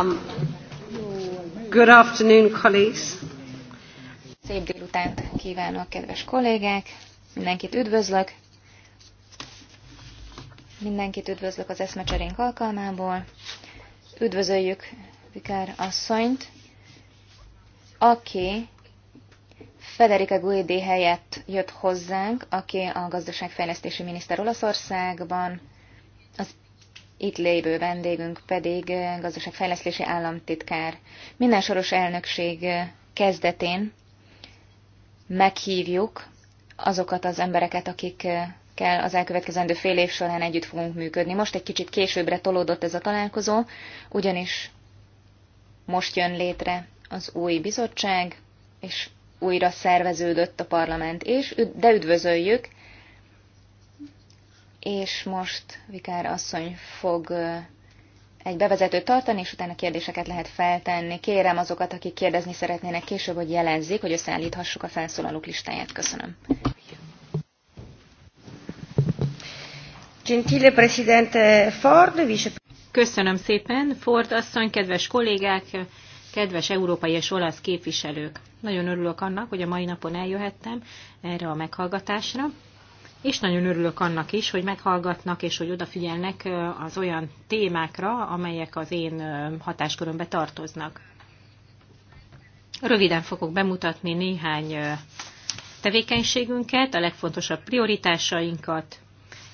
Um, good afternoon, colleagues. Szép délutánt kívánok, kedves kollégák! Mindenkit üdvözlök! Mindenkit üdvözlök az eszmecserénk alkalmából. Üdvözöljük Vikár asszonyt, aki Federica Guidi helyett jött hozzánk, aki a gazdaságfejlesztési miniszter Olaszországban, itt lévő vendégünk pedig eh, gazdaságfejlesztési államtitkár. Minden soros elnökség eh, kezdetén meghívjuk azokat az embereket, akik kell az elkövetkezendő fél év során együtt fogunk működni. Most egy kicsit későbbre tolódott ez a találkozó, ugyanis most jön létre az új bizottság, és újra szerveződött a parlament, és, de üdvözöljük és most Vikár asszony fog egy bevezetőt tartani, és utána kérdéseket lehet feltenni. Kérem azokat, akik kérdezni szeretnének később, hogy jelezzék, hogy összeállíthassuk a felszólalók listáját. Köszönöm. Gentile Presidente Ford, Köszönöm szépen, Ford asszony, kedves kollégák, kedves európai és olasz képviselők. Nagyon örülök annak, hogy a mai napon eljöhettem erre a meghallgatásra és nagyon örülök annak is, hogy meghallgatnak és hogy odafigyelnek az olyan témákra, amelyek az én hatáskörömbe tartoznak. Röviden fogok bemutatni néhány tevékenységünket, a legfontosabb prioritásainkat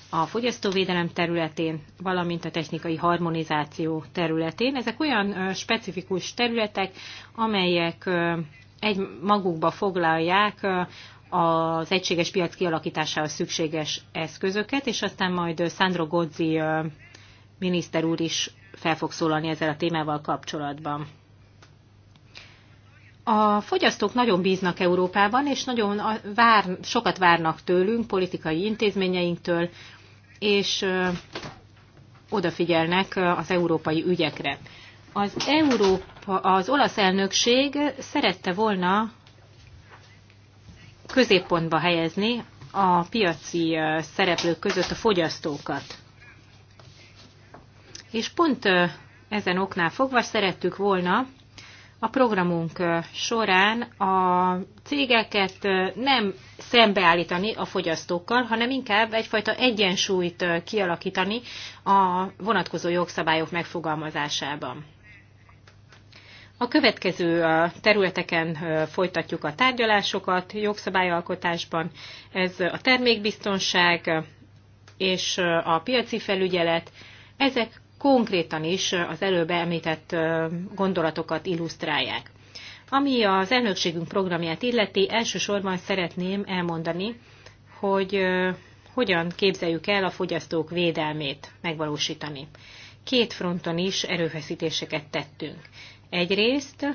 a fogyasztóvédelem területén, valamint a technikai harmonizáció területén. Ezek olyan specifikus területek, amelyek egy magukba foglalják az egységes piac kialakításához szükséges eszközöket, és aztán majd Sandro Godzi miniszter úr is fel fog szólalni ezzel a témával kapcsolatban. A fogyasztók nagyon bíznak Európában, és nagyon vár, sokat várnak tőlünk, politikai intézményeinktől, és odafigyelnek az európai ügyekre. Az, Európa, az olasz elnökség szerette volna középpontba helyezni a piaci szereplők között a fogyasztókat. És pont ezen oknál fogva szerettük volna a programunk során a cégeket nem szembeállítani a fogyasztókkal, hanem inkább egyfajta egyensúlyt kialakítani a vonatkozó jogszabályok megfogalmazásában. A következő területeken folytatjuk a tárgyalásokat jogszabályalkotásban. Ez a termékbiztonság és a piaci felügyelet. Ezek konkrétan is az előbb említett gondolatokat illusztrálják. Ami az elnökségünk programját illeti, elsősorban szeretném elmondani, hogy hogyan képzeljük el a fogyasztók védelmét megvalósítani. Két fronton is erőfeszítéseket tettünk. Egyrészt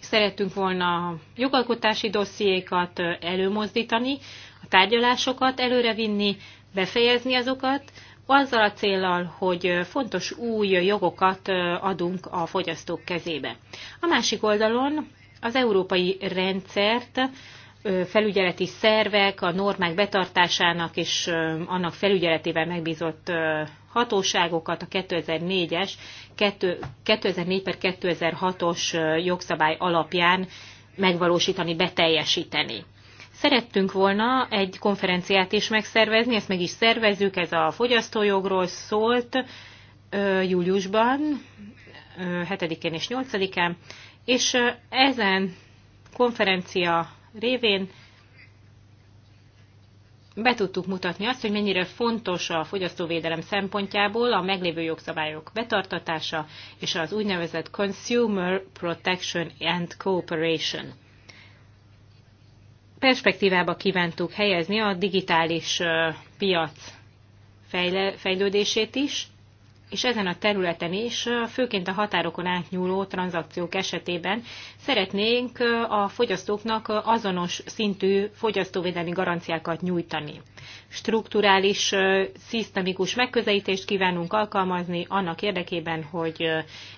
szerettünk volna jogalkotási dossziékat előmozdítani, a tárgyalásokat előrevinni, befejezni azokat, azzal a célral, hogy fontos új jogokat adunk a fogyasztók kezébe. A másik oldalon az európai rendszert felügyeleti szervek, a normák betartásának és annak felügyeletével megbízott hatóságokat a 2004-es, 2004 2006-os jogszabály alapján megvalósítani, beteljesíteni. Szerettünk volna egy konferenciát is megszervezni, ezt meg is szervezzük, ez a fogyasztójogról szólt júliusban, 7-én és 8-án, és ezen konferencia révén be tudtuk mutatni azt, hogy mennyire fontos a fogyasztóvédelem szempontjából a meglévő jogszabályok betartatása és az úgynevezett Consumer Protection and Cooperation. Perspektívába kívántuk helyezni a digitális piac fejlődését is, és ezen a területen is, főként a határokon átnyúló tranzakciók esetében szeretnénk a fogyasztóknak azonos szintű fogyasztóvédelmi garanciákat nyújtani. Strukturális, szisztemikus megközelítést kívánunk alkalmazni annak érdekében, hogy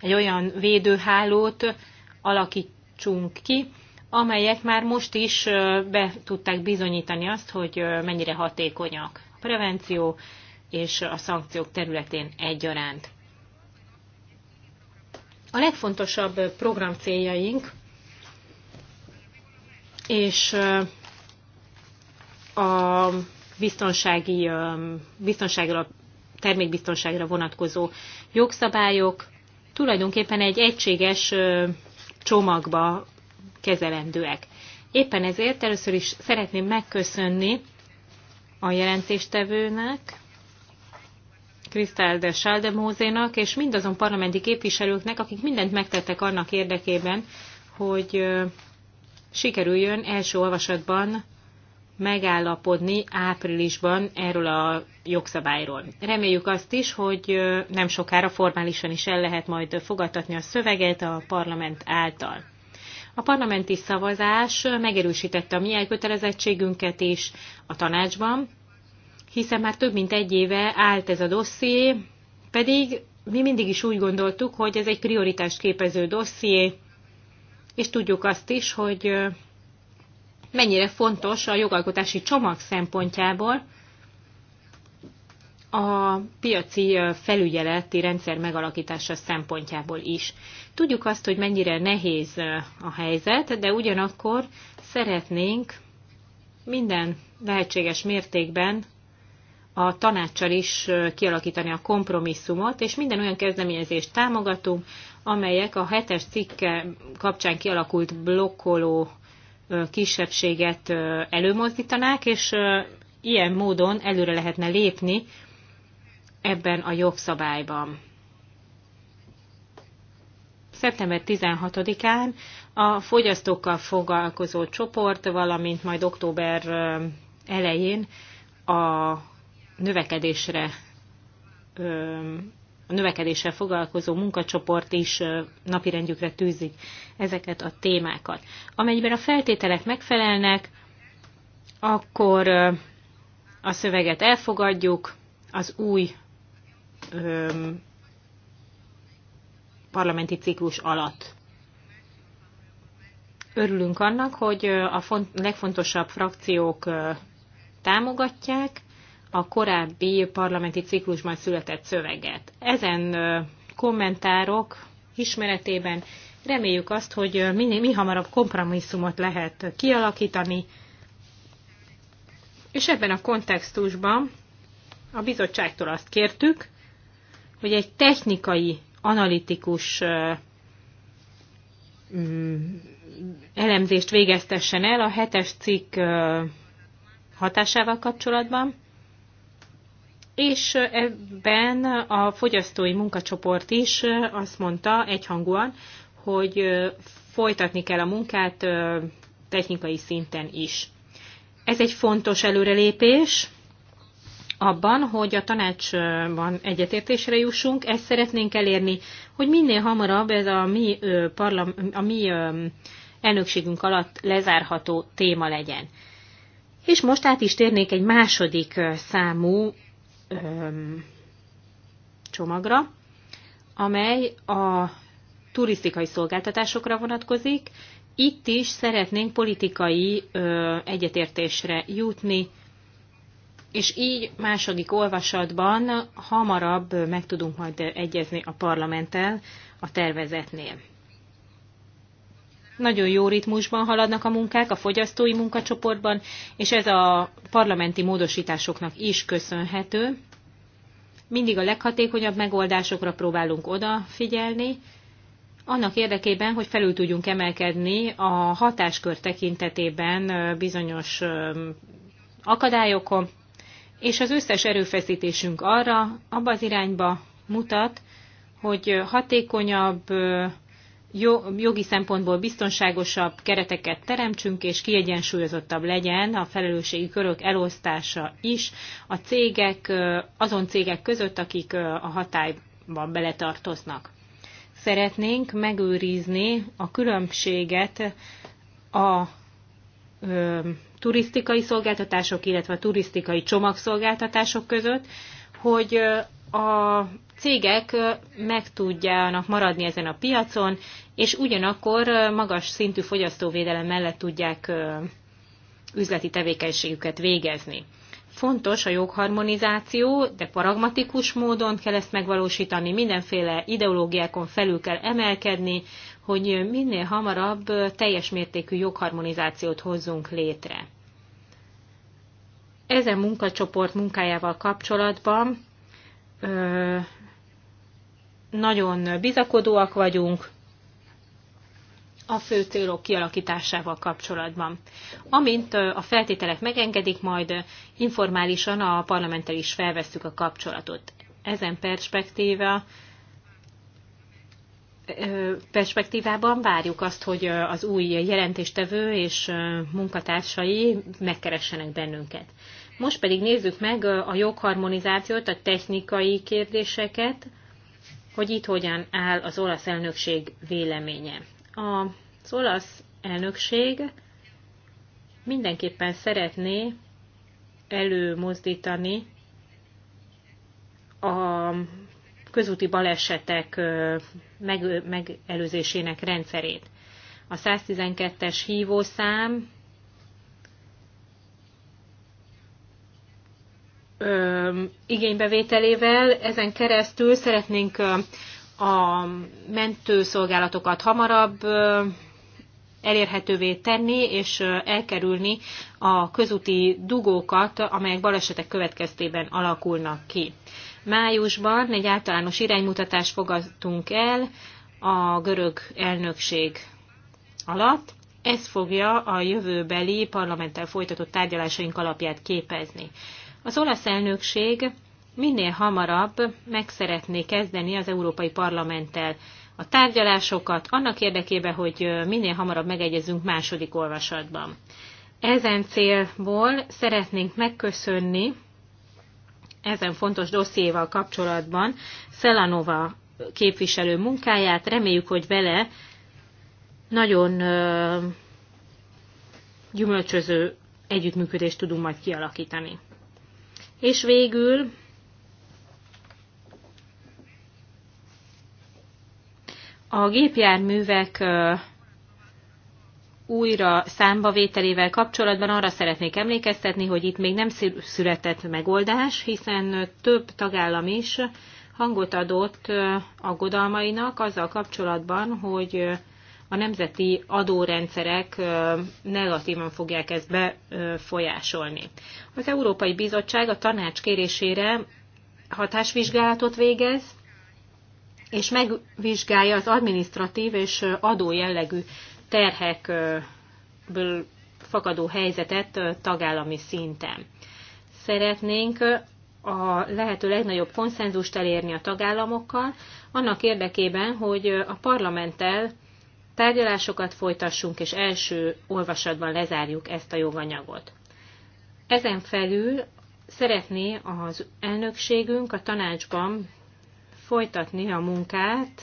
egy olyan védőhálót alakítsunk ki, amelyek már most is be tudták bizonyítani azt, hogy mennyire hatékonyak. A prevenció és a szankciók területén egyaránt. A legfontosabb program céljaink és a biztonsági, biztonságra, termékbiztonságra vonatkozó jogszabályok tulajdonképpen egy egységes csomagba kezelendőek. Éppen ezért először is szeretném megköszönni a jelentéstevőnek, Krisztál de Sáldemózénak, és mindazon parlamenti képviselőknek, akik mindent megtettek annak érdekében, hogy sikerüljön első olvasatban megállapodni áprilisban erről a jogszabályról. Reméljük azt is, hogy nem sokára formálisan is el lehet majd fogadtatni a szöveget a parlament által. A parlamenti szavazás megerősítette a mi elkötelezettségünket is a tanácsban, hiszen már több mint egy éve állt ez a dosszié, pedig mi mindig is úgy gondoltuk, hogy ez egy prioritást képező dosszié, és tudjuk azt is, hogy mennyire fontos a jogalkotási csomag szempontjából a piaci felügyeleti rendszer megalakítása szempontjából is. Tudjuk azt, hogy mennyire nehéz a helyzet, de ugyanakkor szeretnénk minden lehetséges mértékben a tanácssal is kialakítani a kompromisszumot, és minden olyan kezdeményezést támogatunk, amelyek a hetes cikke kapcsán kialakult blokkoló kisebbséget előmozdítanák, és ilyen módon előre lehetne lépni ebben a jogszabályban. Szeptember 16-án a fogyasztókkal foglalkozó csoport, valamint majd október elején a növekedésre a növekedéssel foglalkozó munkacsoport is napirendjükre tűzik ezeket a témákat. Amennyiben a feltételek megfelelnek, akkor a szöveget elfogadjuk, az új öm, parlamenti ciklus alatt. Örülünk annak, hogy a legfontosabb frakciók támogatják a korábbi parlamenti ciklusban született szöveget. Ezen kommentárok ismeretében reméljük azt, hogy minél mi hamarabb kompromisszumot lehet kialakítani, és ebben a kontextusban a bizottságtól azt kértük, hogy egy technikai, analitikus elemzést végeztessen el a hetes cikk hatásával kapcsolatban, és ebben a fogyasztói munkacsoport is azt mondta egyhangúan, hogy folytatni kell a munkát technikai szinten is. Ez egy fontos előrelépés abban, hogy a tanácsban egyetértésre jussunk. Ezt szeretnénk elérni, hogy minél hamarabb ez a mi, parlam, a mi elnökségünk alatt lezárható téma legyen. És most át is térnék egy második számú öm, csomagra, amely a turisztikai szolgáltatásokra vonatkozik. Itt is szeretnénk politikai ö, egyetértésre jutni, és így második olvasatban hamarabb meg tudunk majd egyezni a parlamenttel a tervezetnél. Nagyon jó ritmusban haladnak a munkák a fogyasztói munkacsoportban, és ez a parlamenti módosításoknak is köszönhető. Mindig a leghatékonyabb megoldásokra próbálunk odafigyelni, annak érdekében, hogy felül tudjunk emelkedni a hatáskör tekintetében bizonyos akadályokon, és az összes erőfeszítésünk arra, abba az irányba mutat, hogy hatékonyabb jogi szempontból biztonságosabb kereteket teremtsünk, és kiegyensúlyozottabb legyen a felelősségi körök elosztása is a cégek, azon cégek között, akik a hatályba beletartoznak. Szeretnénk megőrizni a különbséget a turisztikai szolgáltatások, illetve a turisztikai csomagszolgáltatások között, hogy a cégek meg tudjanak maradni ezen a piacon, és ugyanakkor magas szintű fogyasztóvédelem mellett tudják üzleti tevékenységüket végezni. Fontos a jogharmonizáció, de paragmatikus módon kell ezt megvalósítani, mindenféle ideológiákon felül kell emelkedni, hogy minél hamarabb teljes mértékű jogharmonizációt hozzunk létre. Ezen munkacsoport munkájával kapcsolatban nagyon bizakodóak vagyunk a fő célok kialakításával kapcsolatban. Amint a feltételek megengedik, majd informálisan a parlamenttel is felvesszük a kapcsolatot. Ezen perspektíva perspektívában várjuk azt, hogy az új jelentéstevő és munkatársai megkeressenek bennünket. Most pedig nézzük meg a jogharmonizációt, a technikai kérdéseket, hogy itt hogyan áll az olasz elnökség véleménye. Az olasz elnökség mindenképpen szeretné előmozdítani a közúti balesetek megelőzésének rendszerét. A 112-es hívószám igénybevételével. Ezen keresztül szeretnénk a mentőszolgálatokat hamarabb elérhetővé tenni, és elkerülni a közúti dugókat, amelyek balesetek következtében alakulnak ki. Májusban egy általános iránymutatást fogadtunk el a görög elnökség alatt. Ez fogja a jövőbeli parlamenttel folytatott tárgyalásaink alapját képezni. Az olasz elnökség minél hamarabb meg szeretné kezdeni az Európai Parlamenttel a tárgyalásokat, annak érdekében, hogy minél hamarabb megegyezünk második olvasatban. Ezen célból szeretnénk megköszönni ezen fontos dossziéval kapcsolatban Szelanova képviselő munkáját. Reméljük, hogy vele nagyon gyümölcsöző együttműködést tudunk majd kialakítani. És végül a gépjárművek újra számbavételével kapcsolatban arra szeretnék emlékeztetni, hogy itt még nem született megoldás, hiszen több tagállam is hangot adott aggodalmainak azzal kapcsolatban, hogy a nemzeti adórendszerek negatívan fogják ezt befolyásolni. Az Európai Bizottság a tanács kérésére hatásvizsgálatot végez, és megvizsgálja az administratív és adó jellegű terhekből fakadó helyzetet tagállami szinten. Szeretnénk a lehető legnagyobb konszenzust elérni a tagállamokkal, annak érdekében, hogy a parlamenttel tárgyalásokat folytassunk, és első olvasatban lezárjuk ezt a joganyagot. Ezen felül szeretné az elnökségünk a tanácsban folytatni a munkát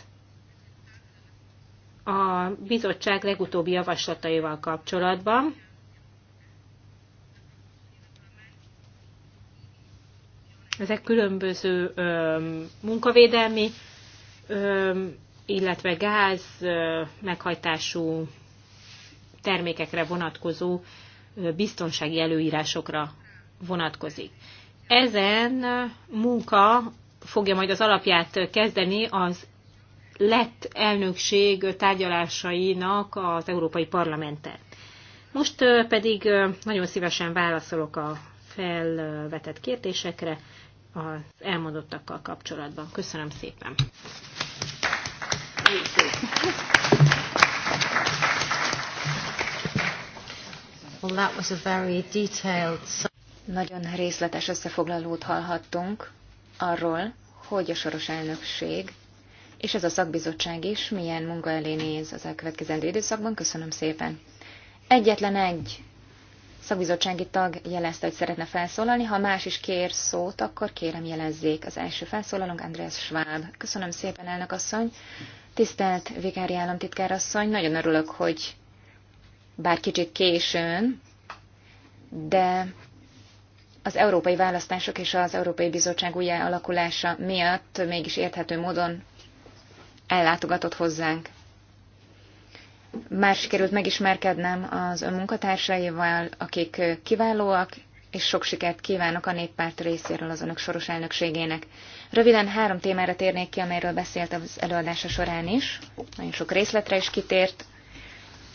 a bizottság legutóbbi javaslataival kapcsolatban. Ezek különböző ö, munkavédelmi ö, illetve gáz meghajtású termékekre vonatkozó biztonsági előírásokra vonatkozik. Ezen munka fogja majd az alapját kezdeni az lett elnökség tárgyalásainak az Európai Parlamenten. Most pedig nagyon szívesen válaszolok a felvetett kérdésekre az elmondottakkal kapcsolatban. Köszönöm szépen! Well, that was a very detailed... Nagyon részletes összefoglalót hallhattunk arról, hogy a soros elnökség és ez a szakbizottság is milyen munka elé néz az elkövetkezendő időszakban. Köszönöm szépen. Egyetlen egy szakbizottsági tag jelezte, hogy szeretne felszólalni. Ha más is kér szót, akkor kérem jelezzék. Az első felszólalónk Andreas Schwab. Köszönöm szépen, elnök asszony. Tisztelt Vikári államtitkár asszony, nagyon örülök, hogy bár kicsit későn, de az európai választások és az Európai Bizottság újjá alakulása miatt mégis érthető módon ellátogatott hozzánk. Már sikerült megismerkednem az ön munkatársaival, akik kiválóak, és sok sikert kívánok a néppárt részéről az önök soros elnökségének. Röviden három témára térnék ki, amelyről beszélt az előadása során is, nagyon sok részletre is kitért.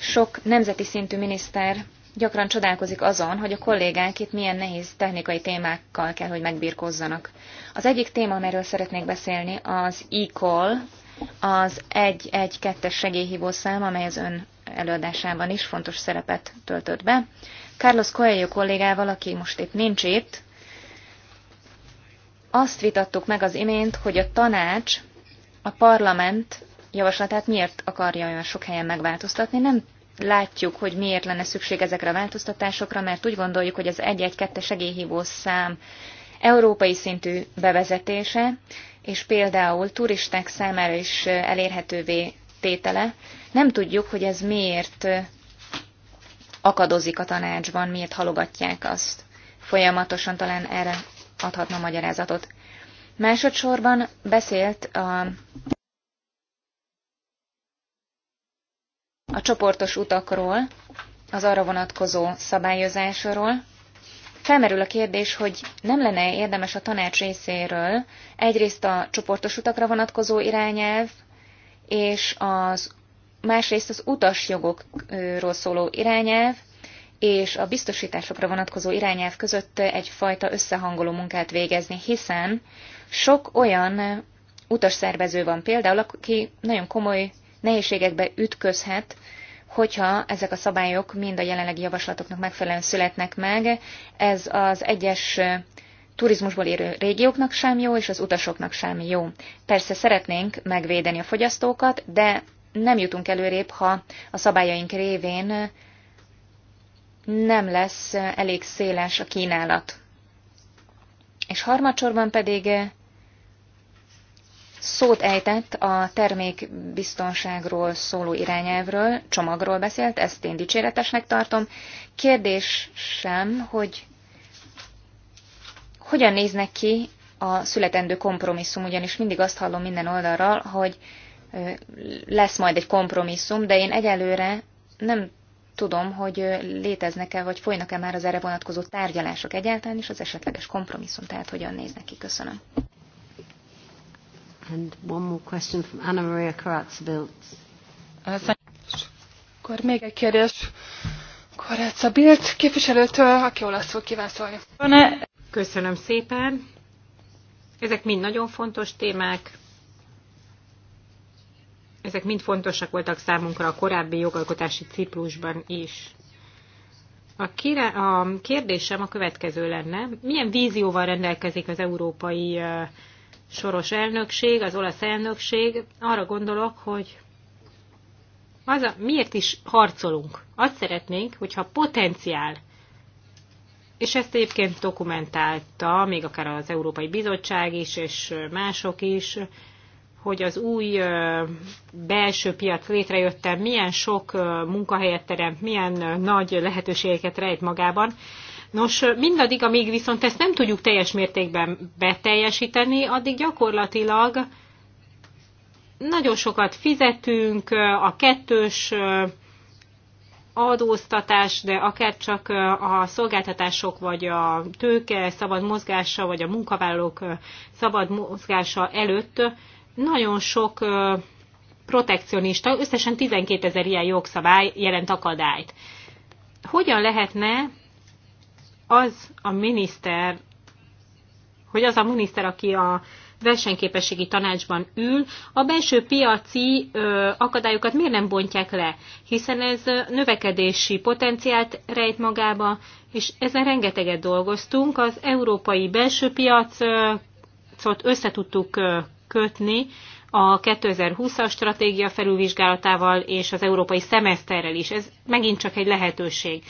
Sok nemzeti szintű miniszter gyakran csodálkozik azon, hogy a kollégák itt milyen nehéz technikai témákkal kell, hogy megbírkozzanak. Az egyik téma, amelyről szeretnék beszélni, az e-call, az 112-es segélyhívószám, amely az ön előadásában is fontos szerepet töltött be. Carlos Coelho kollégával, aki most itt nincs itt, azt vitattuk meg az imént, hogy a tanács, a parlament javaslatát miért akarja olyan sok helyen megváltoztatni. Nem látjuk, hogy miért lenne szükség ezekre a változtatásokra, mert úgy gondoljuk, hogy az 1-1-2 segélyhívó szám európai szintű bevezetése, és például turisták számára is elérhetővé tétele. Nem tudjuk, hogy ez miért akadozik a tanácsban, miért halogatják azt. Folyamatosan talán erre adhatna magyarázatot. Másodszorban beszélt a, a csoportos utakról, az arra vonatkozó szabályozásról. Felmerül a kérdés, hogy nem lenne érdemes a tanács részéről egyrészt a csoportos utakra vonatkozó irányelv és az másrészt az utasjogokról szóló irányelv és a biztosításokra vonatkozó irányelv között egyfajta összehangoló munkát végezni, hiszen sok olyan utasszervező van például, aki nagyon komoly nehézségekbe ütközhet, hogyha ezek a szabályok mind a jelenlegi javaslatoknak megfelelően születnek meg. Ez az egyes turizmusból érő régióknak sem jó, és az utasoknak sem jó. Persze szeretnénk megvédeni a fogyasztókat, de nem jutunk előrébb, ha a szabályaink révén nem lesz elég széles a kínálat. És harmadsorban pedig szót ejtett a termékbiztonságról szóló irányelvről, csomagról beszélt, ezt én dicséretesnek tartom. Kérdés sem, hogy hogyan néznek ki a születendő kompromisszum, ugyanis mindig azt hallom minden oldalról, hogy lesz majd egy kompromisszum, de én egyelőre nem tudom, hogy léteznek-e, vagy folynak-e már az erre vonatkozó tárgyalások egyáltalán, és az esetleges kompromisszum, tehát hogyan néznek ki. Köszönöm. And one more question from Anna Maria Akkor még egy kérdés Bilt képviselőtől, aki olaszul kíván szólni. Köszönöm szépen. Ezek mind nagyon fontos témák. Ezek mind fontosak voltak számunkra a korábbi jogalkotási ciklusban is. A, kire, a kérdésem a következő lenne. Milyen vízióval rendelkezik az európai soros elnökség, az olasz elnökség? Arra gondolok, hogy az a, miért is harcolunk? Azt szeretnénk, hogyha potenciál, és ezt egyébként dokumentálta még akár az Európai Bizottság is, és mások is, hogy az új belső piac létrejötte, milyen sok munkahelyet teremt, milyen nagy lehetőségeket rejt magában. Nos, mindaddig, amíg viszont ezt nem tudjuk teljes mértékben beteljesíteni, addig gyakorlatilag nagyon sokat fizetünk, a kettős adóztatás, de akár csak a szolgáltatások, vagy a tőke szabad mozgása, vagy a munkavállalók szabad mozgása előtt nagyon sok protekcionista, összesen 12 ezer ilyen jogszabály jelent akadályt. Hogyan lehetne az a miniszter, hogy az a miniszter, aki a versenyképességi tanácsban ül, a belső piaci ö, akadályokat miért nem bontják le? Hiszen ez növekedési potenciált rejt magába, és ezen rengeteget dolgoztunk. Az európai belső piacot össze tudtuk kötni a 2020-as stratégia felülvizsgálatával és az európai szemeszterrel is. Ez megint csak egy lehetőség.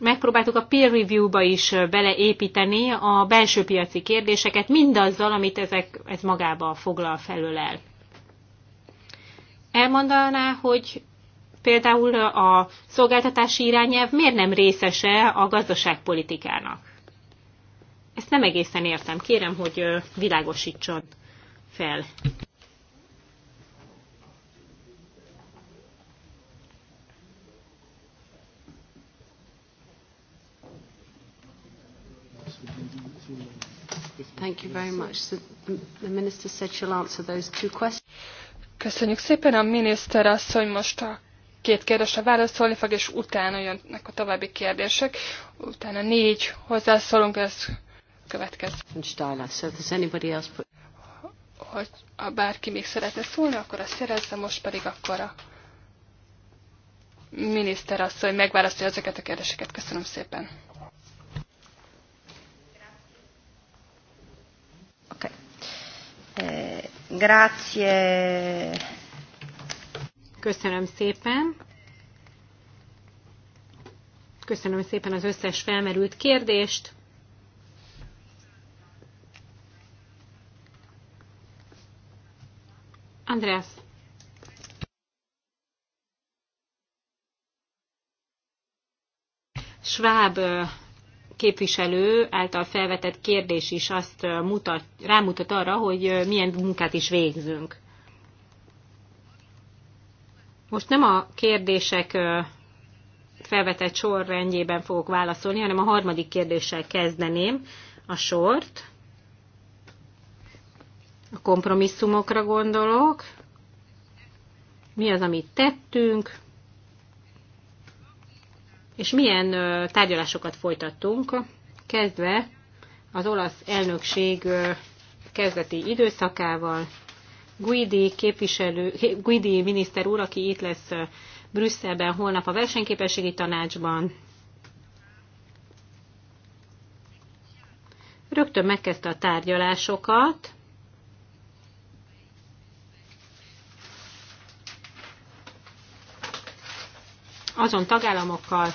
Megpróbáltuk a peer review-ba is beleépíteni a belső piaci kérdéseket, mindazzal, amit ezek, ez magába foglal el. Elmondaná, hogy például a szolgáltatási irányelv miért nem részese a gazdaságpolitikának? Ezt nem egészen értem. Kérem, hogy világosítson fel. Thank you very much. So um, the minister said she'll answer those two questions. Köszönjük szépen. A miniszter asszony most a két kérdésre válaszolni fog, és utána jönnek a további kérdések. Utána négy hozzászólunk, ez következik hogy ha bárki még szeretne szólni, akkor azt szerezze, most pedig akkor a miniszter azt, hogy megválasztja ezeket a kérdéseket. Köszönöm szépen. Okay. Eh, grazie. Köszönöm szépen. Köszönöm szépen az összes felmerült kérdést. Andreas. Schwab képviselő által felvetett kérdés is azt mutat, rámutat arra, hogy milyen munkát is végzünk. Most nem a kérdések felvetett sorrendjében fogok válaszolni, hanem a harmadik kérdéssel kezdeném a sort. A kompromisszumokra gondolok. Mi az, amit tettünk, és milyen tárgyalásokat folytattunk, kezdve az olasz elnökség kezdeti időszakával. Guidi, képviselő, Guidi miniszter úr, aki itt lesz Brüsszelben holnap a versenyképességi tanácsban, rögtön megkezdte a tárgyalásokat azon tagállamokkal,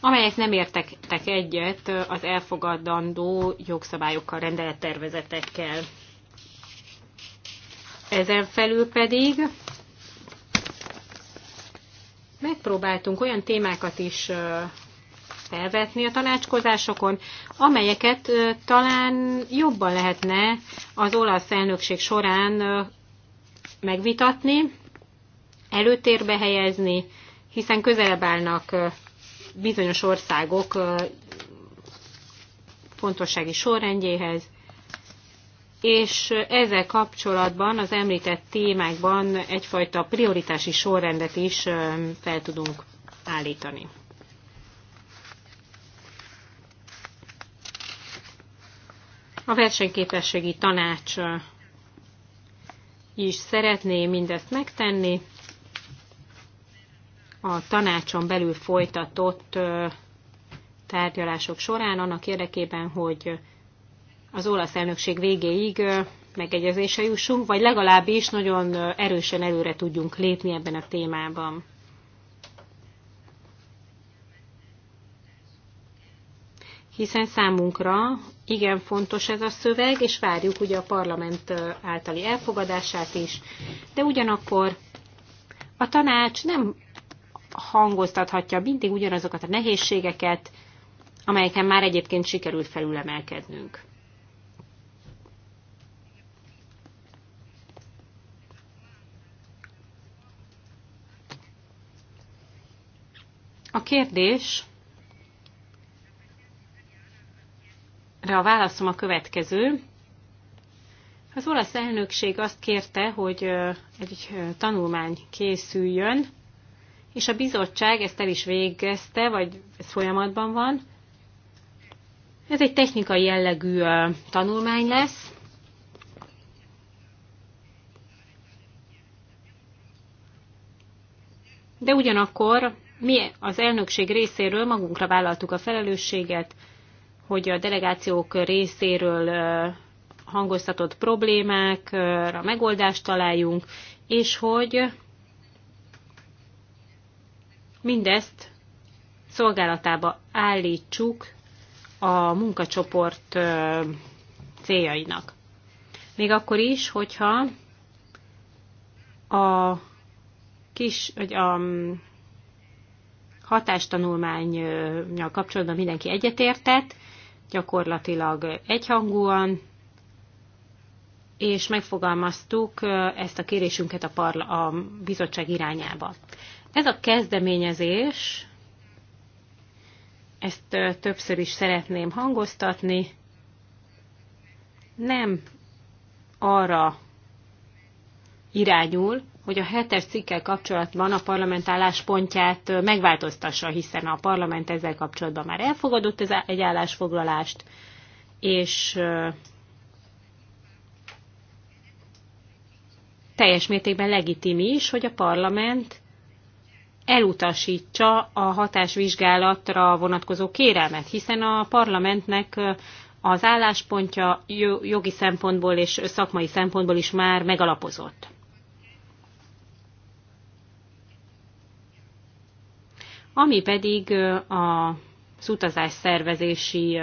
amelyek nem értettek egyet az elfogadandó jogszabályokkal, rendelettervezetekkel. Ezen felül pedig megpróbáltunk olyan témákat is felvetni a tanácskozásokon, amelyeket talán jobban lehetne az olasz elnökség során megvitatni, előtérbe helyezni, hiszen közelebb állnak bizonyos országok fontossági sorrendjéhez, és ezzel kapcsolatban az említett témákban egyfajta prioritási sorrendet is fel tudunk állítani. A versenyképességi tanács is szeretné mindezt megtenni, a tanácson belül folytatott tárgyalások során, annak érdekében, hogy az olasz elnökség végéig megegyezése jussunk, vagy legalábbis nagyon erősen előre tudjunk lépni ebben a témában. Hiszen számunkra igen fontos ez a szöveg, és várjuk ugye a parlament általi elfogadását is, de ugyanakkor a tanács nem hangoztathatja mindig ugyanazokat a nehézségeket, amelyeken már egyébként sikerült felülemelkednünk. A kérdés de a válaszom a következő. Az olasz elnökség azt kérte, hogy egy tanulmány készüljön és a bizottság ezt el is végezte, vagy ez folyamatban van. Ez egy technikai jellegű tanulmány lesz. De ugyanakkor mi az elnökség részéről magunkra vállaltuk a felelősséget, hogy a delegációk részéről hangoztatott problémákra megoldást találjunk, és hogy mindezt szolgálatába állítsuk a munkacsoport céljainak. Még akkor is, hogyha a kis, vagy a hatástanulmányjal kapcsolatban mindenki egyetértett, gyakorlatilag egyhangúan, és megfogalmaztuk ezt a kérésünket a, parla- a bizottság irányába. Ez a kezdeményezés, ezt többször is szeretném hangoztatni, nem arra irányul, hogy a hetes cikkel kapcsolatban a parlament álláspontját megváltoztassa, hiszen a parlament ezzel kapcsolatban már elfogadott egy állásfoglalást, és teljes mértékben legitim is, hogy a parlament elutasítsa a hatásvizsgálatra vonatkozó kérelmet, hiszen a parlamentnek az álláspontja jogi szempontból és szakmai szempontból is már megalapozott. Ami pedig a utazás szervezési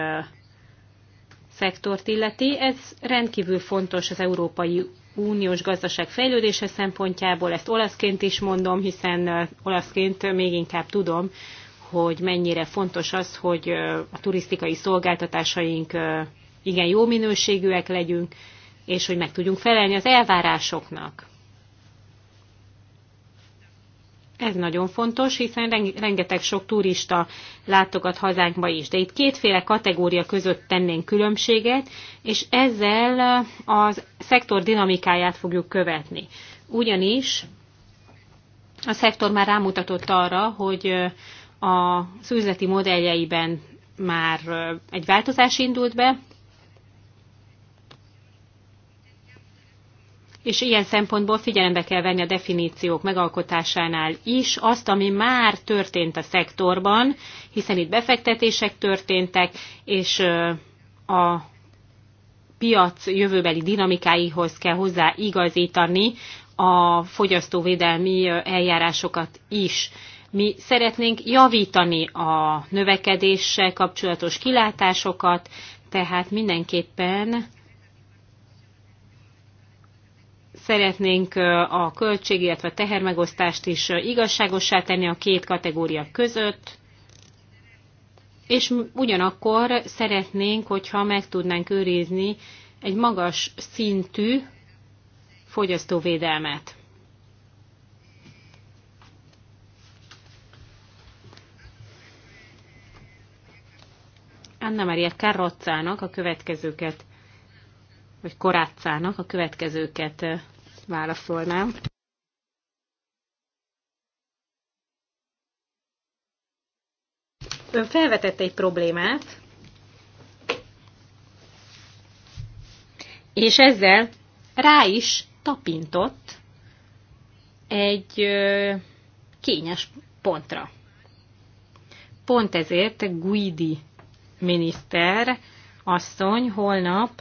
szektort illeti, ez rendkívül fontos az Európai uniós gazdaság fejlődése szempontjából, ezt olaszként is mondom, hiszen olaszként még inkább tudom, hogy mennyire fontos az, hogy a turisztikai szolgáltatásaink igen jó minőségűek legyünk, és hogy meg tudjunk felelni az elvárásoknak. Ez nagyon fontos, hiszen rengeteg sok turista látogat hazánkba is. De itt kétféle kategória között tennénk különbséget, és ezzel a szektor dinamikáját fogjuk követni. Ugyanis a szektor már rámutatott arra, hogy a üzleti modelljeiben már egy változás indult be, és ilyen szempontból figyelembe kell venni a definíciók megalkotásánál is azt, ami már történt a szektorban, hiszen itt befektetések történtek, és a piac jövőbeli dinamikáihoz kell hozzá igazítani a fogyasztóvédelmi eljárásokat is. Mi szeretnénk javítani a növekedéssel kapcsolatos kilátásokat, tehát mindenképpen szeretnénk a költség, illetve a tehermegosztást is igazságossá tenni a két kategória között, és ugyanakkor szeretnénk, hogyha meg tudnánk őrizni egy magas szintű fogyasztóvédelmet. Anna Maria Carrozzának a következőket vagy korátszának a következőket válaszolnám. Ön felvetett egy problémát, és ezzel rá is tapintott egy kényes pontra. Pont ezért Guidi miniszter asszony holnap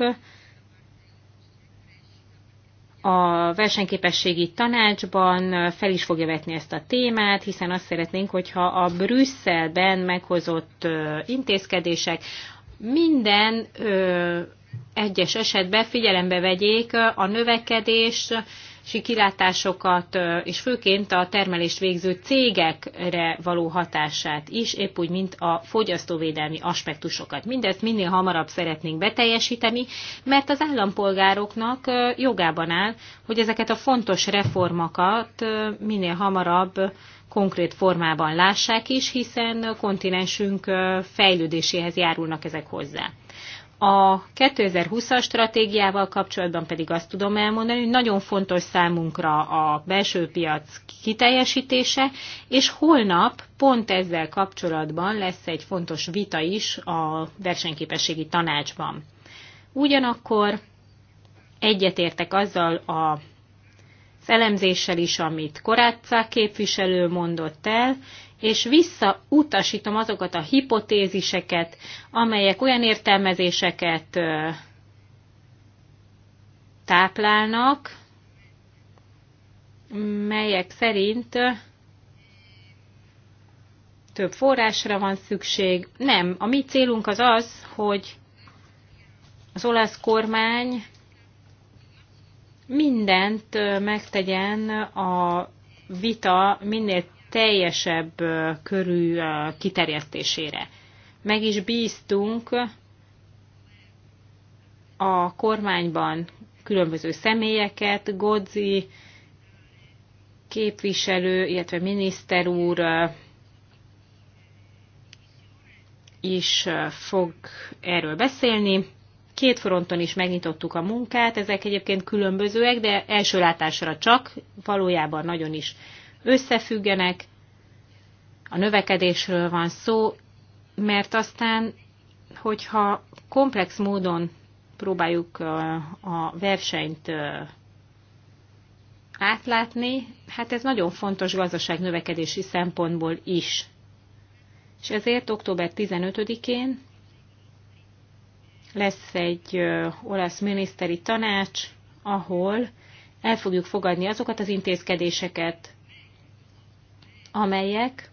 a versenyképességi tanácsban fel is fogja vetni ezt a témát, hiszen azt szeretnénk, hogyha a Brüsszelben meghozott intézkedések minden egyes esetben figyelembe vegyék a növekedés kilátásokat, és főként a termelést végző cégekre való hatását is, épp úgy, mint a fogyasztóvédelmi aspektusokat. Mindezt minél hamarabb szeretnénk beteljesíteni, mert az állampolgároknak jogában áll, hogy ezeket a fontos reformokat minél hamarabb konkrét formában lássák is, hiszen kontinensünk fejlődéséhez járulnak ezek hozzá. A 2020-as stratégiával kapcsolatban pedig azt tudom elmondani, hogy nagyon fontos számunkra a belső piac kiteljesítése, és holnap pont ezzel kapcsolatban lesz egy fontos vita is a versenyképességi tanácsban. Ugyanakkor egyetértek azzal a elemzéssel is, amit Korácsa képviselő mondott el, és visszautasítom azokat a hipotéziseket, amelyek olyan értelmezéseket táplálnak, melyek szerint több forrásra van szükség. Nem, a mi célunk az az, hogy az olasz kormány mindent megtegyen a vita minél teljesebb körű kiterjesztésére. Meg is bíztunk a kormányban különböző személyeket, Godzi képviselő, illetve miniszter úr is fog erről beszélni. Két fronton is megnyitottuk a munkát, ezek egyébként különbözőek, de első látásra csak, valójában nagyon is összefüggenek. A növekedésről van szó, mert aztán, hogyha komplex módon próbáljuk a versenyt átlátni, hát ez nagyon fontos gazdaság növekedési szempontból is. És ezért október 15-én lesz egy olasz miniszteri tanács, ahol el fogjuk fogadni azokat az intézkedéseket, amelyek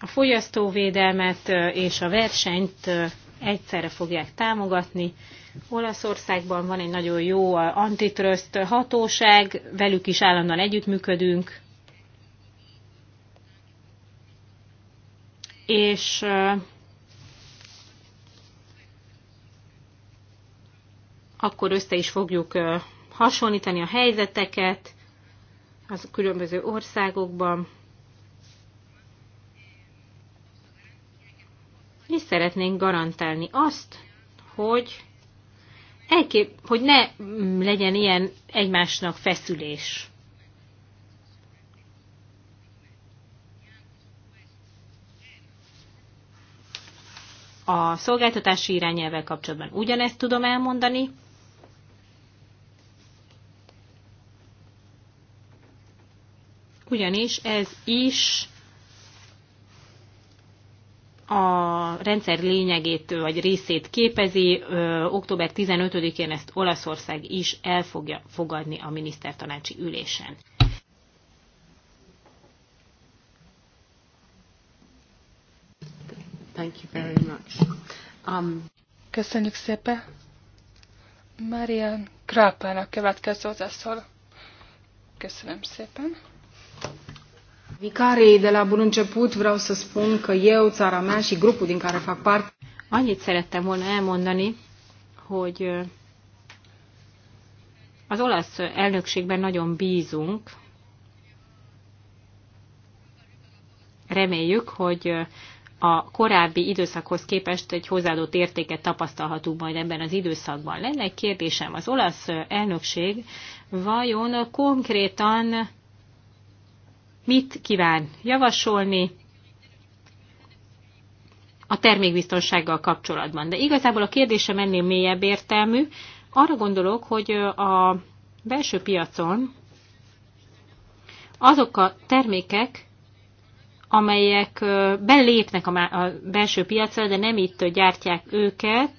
a fogyasztóvédelmet és a versenyt egyszerre fogják támogatni. Olaszországban van egy nagyon jó antitrust hatóság, velük is állandóan együttműködünk, és akkor össze is fogjuk hasonlítani a helyzeteket az különböző országokban. És szeretnénk garantálni azt, hogy, elkép, hogy ne legyen ilyen egymásnak feszülés. A szolgáltatási irányelvvel kapcsolatban ugyanezt tudom elmondani. Ugyanis ez is a rendszer lényegét vagy részét képezi. Ö, október 15-én ezt Olaszország is el fogja fogadni a minisztertanácsi ülésen. Thank you very much. Um, Köszönjük szépen. Marian Krápának következő hozzászól. Köszönöm szépen. Vicarei, de la bun început vreau să spun că eu, țara mea și grupul din care fac parte... Annyit szerettem volna elmondani, hogy az olasz elnökségben nagyon bízunk. Reméljük, hogy a korábbi időszakhoz képest egy hozzáadott értéket tapasztalhatunk majd ebben az időszakban. Lenne egy kérdésem, az olasz elnökség vajon konkrétan mit kíván javasolni a termékbiztonsággal kapcsolatban. De igazából a kérdésem ennél mélyebb értelmű. Arra gondolok, hogy a belső piacon azok a termékek, amelyek belépnek a belső piacra, de nem itt gyártják őket.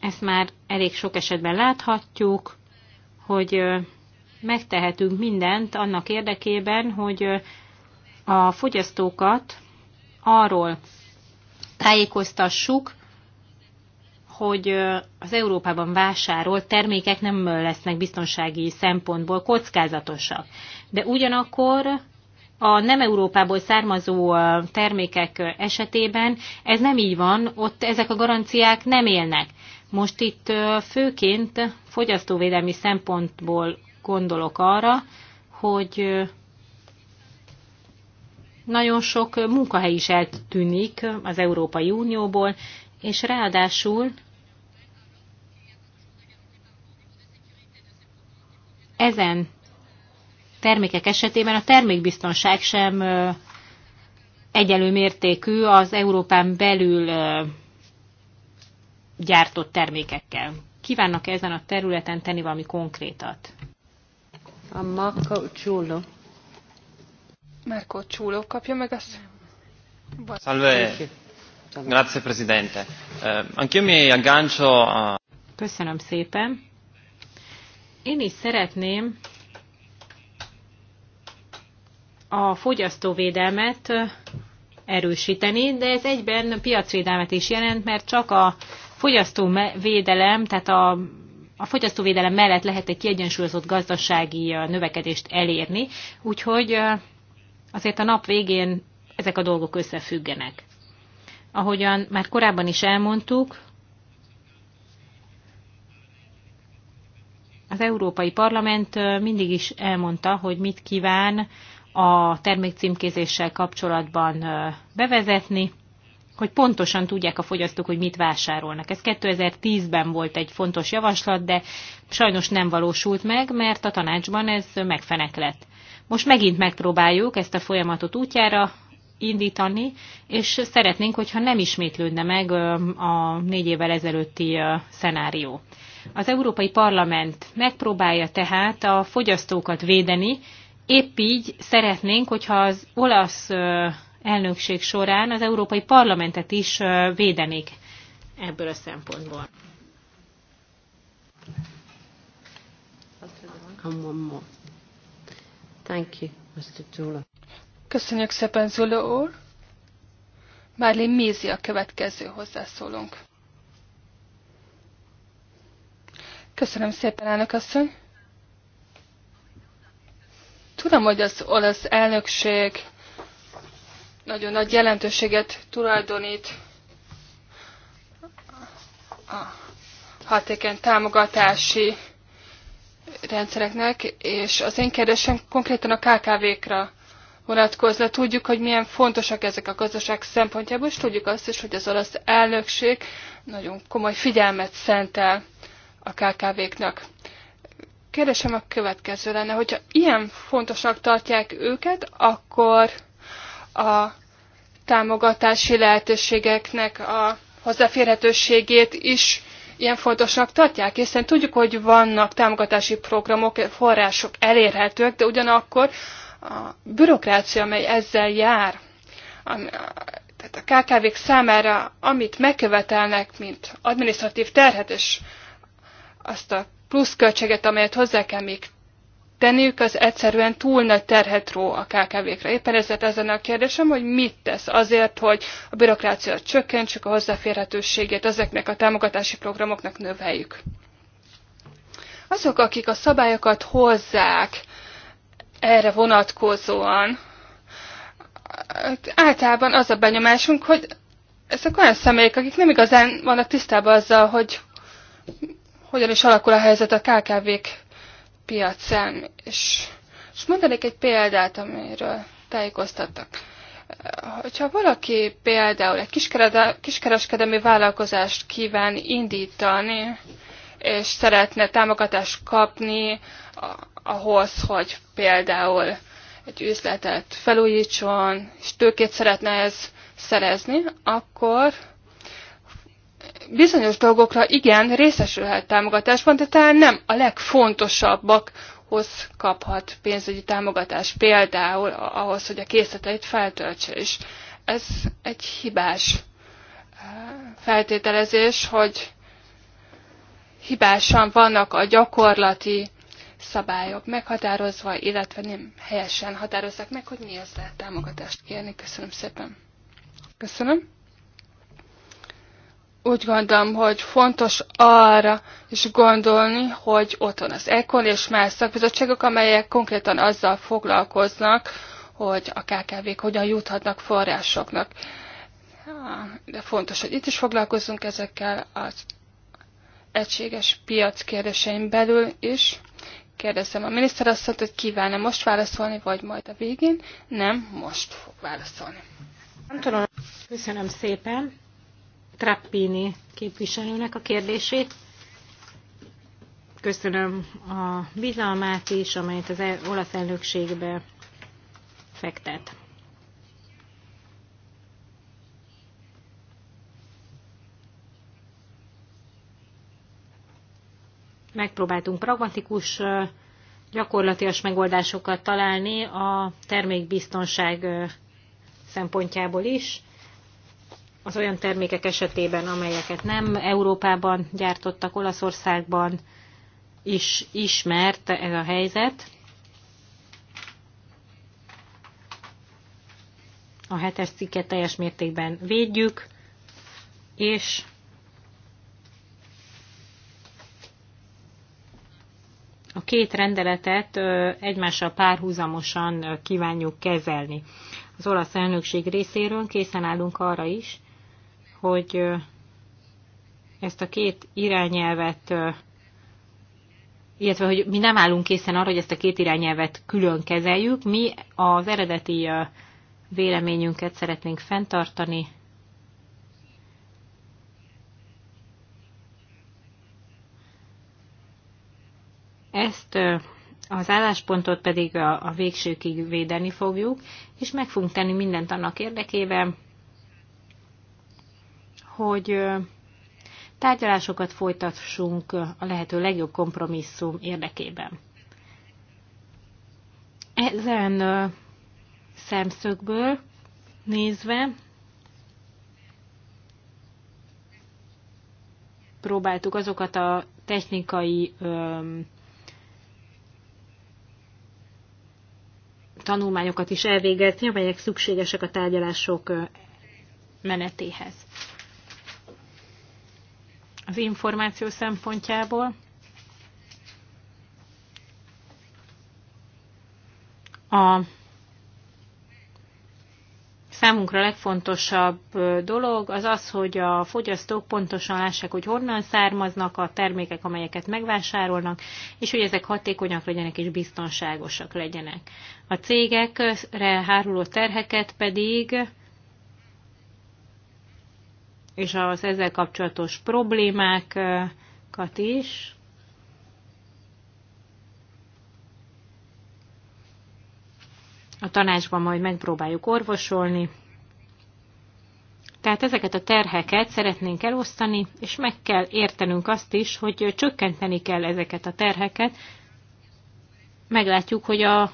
Ezt már elég sok esetben láthatjuk, hogy megtehetünk mindent annak érdekében, hogy a fogyasztókat arról tájékoztassuk, hogy az Európában vásárolt termékek nem lesznek biztonsági szempontból kockázatosak. De ugyanakkor a nem Európából származó termékek esetében ez nem így van, ott ezek a garanciák nem élnek. Most itt főként fogyasztóvédelmi szempontból gondolok arra, hogy nagyon sok munkahely is eltűnik az Európai Unióból, és ráadásul ezen termékek esetében a termékbiztonság sem egyelő mértékű az Európán belül gyártott termékekkel. Kívánnak -e ezen a területen tenni valami konkrétat? A Marco Csulló. Marco Csulló kapja meg azt. Salve. Grazie Presidente. Uh, anch'io mi aggancio a... Köszönöm szépen. Én is szeretném a fogyasztóvédelmet erősíteni, de ez egyben piacvédelmet is jelent, mert csak a fogyasztóvédelem, tehát a a fogyasztóvédelem mellett lehet egy kiegyensúlyozott gazdasági növekedést elérni, úgyhogy azért a nap végén ezek a dolgok összefüggenek. Ahogyan már korábban is elmondtuk, az Európai Parlament mindig is elmondta, hogy mit kíván a termékcímkézéssel kapcsolatban bevezetni, hogy pontosan tudják a fogyasztók, hogy mit vásárolnak. Ez 2010-ben volt egy fontos javaslat, de sajnos nem valósult meg, mert a tanácsban ez lett. Most megint megpróbáljuk ezt a folyamatot útjára indítani, és szeretnénk, hogyha nem ismétlődne meg a négy évvel ezelőtti szenárió. Az Európai Parlament megpróbálja tehát a fogyasztókat védeni, épp így szeretnénk, hogyha az olasz elnökség során az Európai Parlamentet is védenék ebből a szempontból. Thank you, Mr. Köszönjük szépen, Zulu úr. Márli Mézi a következő hozzászólunk. Köszönöm szépen, elnök asszony. Tudom, hogy az olasz elnökség nagyon nagy jelentőséget tulajdonít a hatékeny támogatási rendszereknek, és az én kérdésem konkrétan a KKV-kra vonatkozna. Tudjuk, hogy milyen fontosak ezek a gazdaság szempontjából, és tudjuk azt is, hogy az olasz elnökség nagyon komoly figyelmet szentel a KKV-knak kérdésem a következő lenne, hogyha ilyen fontosnak tartják őket, akkor a támogatási lehetőségeknek a hozzáférhetőségét is ilyen fontosnak tartják, hiszen tudjuk, hogy vannak támogatási programok, források elérhetőek, de ugyanakkor a bürokrácia, amely ezzel jár, ami, tehát a KKV-k számára, amit megkövetelnek, mint administratív terhet, és azt a pluszköltséget, amelyet hozzá kell még tenniük, az egyszerűen túl nagy terhet ró a kkv kre Éppen ezért ezen a kérdésem, hogy mit tesz azért, hogy a bürokráciát csökkentsük, a hozzáférhetőségét ezeknek a támogatási programoknak növeljük. Azok, akik a szabályokat hozzák erre vonatkozóan, általában az a benyomásunk, hogy ezek olyan személyek, akik nem igazán vannak tisztában azzal, hogy hogyan is alakul a helyzet a KKV-k piacán. És, és mondanék egy példát, amiről tájékoztattak. Hogyha valaki például egy kiskereskedelmi vállalkozást kíván indítani, és szeretne támogatást kapni ahhoz, hogy például egy üzletet felújítson, és tőkét szeretne ez szerezni, akkor bizonyos dolgokra igen részesülhet támogatásban, de talán nem a legfontosabbakhoz kaphat pénzügyi támogatást, például ahhoz, hogy a készleteit feltöltse is. Ez egy hibás eh, feltételezés, hogy hibásan vannak a gyakorlati szabályok meghatározva, illetve nem helyesen határozzák meg, hogy mi az lehet támogatást kérni. Köszönöm szépen. Köszönöm úgy gondolom, hogy fontos arra is gondolni, hogy ott van az ECON és más szakbizottságok, amelyek konkrétan azzal foglalkoznak, hogy a KKV-k hogyan juthatnak forrásoknak. De fontos, hogy itt is foglalkozunk ezekkel az egységes piac kérdéseim belül is. Kérdezem a miniszter azt, hogy kívánna most válaszolni, vagy majd a végén. Nem, most fog válaszolni. Köszönöm szépen. Trappini képviselőnek a kérdését. Köszönöm a bizalmát is, amelyet az olasz elnökségbe fektet. Megpróbáltunk pragmatikus, gyakorlatias megoldásokat találni a termékbiztonság szempontjából is az olyan termékek esetében, amelyeket nem Európában gyártottak, Olaszországban is ismert ez a helyzet. A hetes cikket teljes mértékben védjük, és a két rendeletet egymással párhuzamosan kívánjuk kezelni. Az olasz elnökség részéről készen állunk arra is, hogy ezt a két irányelvet, illetve hogy mi nem állunk készen arra, hogy ezt a két irányelvet külön kezeljük. Mi az eredeti véleményünket szeretnénk fenntartani, Ezt az álláspontot pedig a, végsőkig védeni fogjuk, és meg fogunk tenni mindent annak érdekében, hogy tárgyalásokat folytassunk a lehető legjobb kompromisszum érdekében. Ezen szemszögből nézve próbáltuk azokat a technikai öm, tanulmányokat is elvégezni, amelyek szükségesek a tárgyalások menetéhez az információ szempontjából. A számunkra legfontosabb dolog az az, hogy a fogyasztók pontosan lássák, hogy honnan származnak a termékek, amelyeket megvásárolnak, és hogy ezek hatékonyak legyenek és biztonságosak legyenek. A cégekre háruló terheket pedig és az ezzel kapcsolatos problémákat is. A tanácsban majd megpróbáljuk orvosolni. Tehát ezeket a terheket szeretnénk elosztani, és meg kell értenünk azt is, hogy csökkenteni kell ezeket a terheket. Meglátjuk, hogy a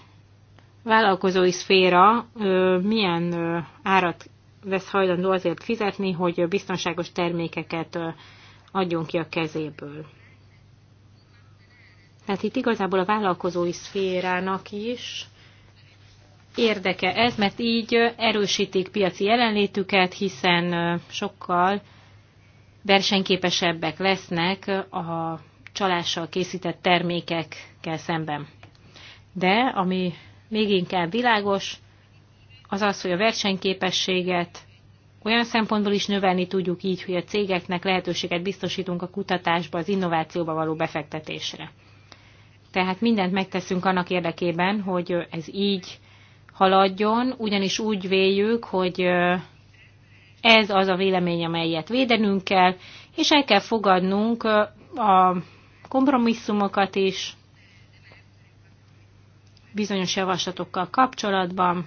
vállalkozói szféra ö, milyen ö, árat lesz hajlandó azért fizetni, hogy biztonságos termékeket adjon ki a kezéből. Tehát itt igazából a vállalkozói szférának is érdeke ez, mert így erősítik piaci jelenlétüket, hiszen sokkal versenyképesebbek lesznek a csalással készített termékekkel szemben. De ami még inkább világos, az az, hogy a versenyképességet olyan szempontból is növelni tudjuk így, hogy a cégeknek lehetőséget biztosítunk a kutatásba, az innovációba való befektetésre. Tehát mindent megteszünk annak érdekében, hogy ez így haladjon, ugyanis úgy véljük, hogy ez az a vélemény, amelyet védenünk kell, és el kell fogadnunk a kompromisszumokat is bizonyos javaslatokkal kapcsolatban,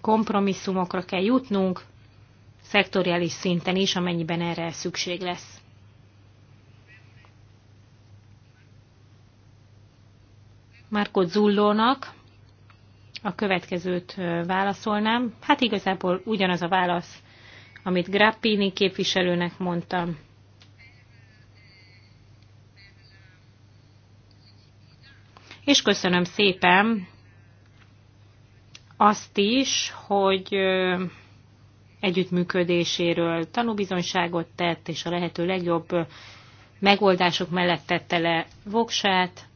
kompromisszumokra kell jutnunk, szektoriális szinten is, amennyiben erre szükség lesz. Márkot Zullónak a következőt válaszolnám. Hát igazából ugyanaz a válasz, amit Grappini képviselőnek mondtam. És köszönöm szépen azt is, hogy együttműködéséről tanúbizonyságot tett, és a lehető legjobb megoldások mellett tette le voksát.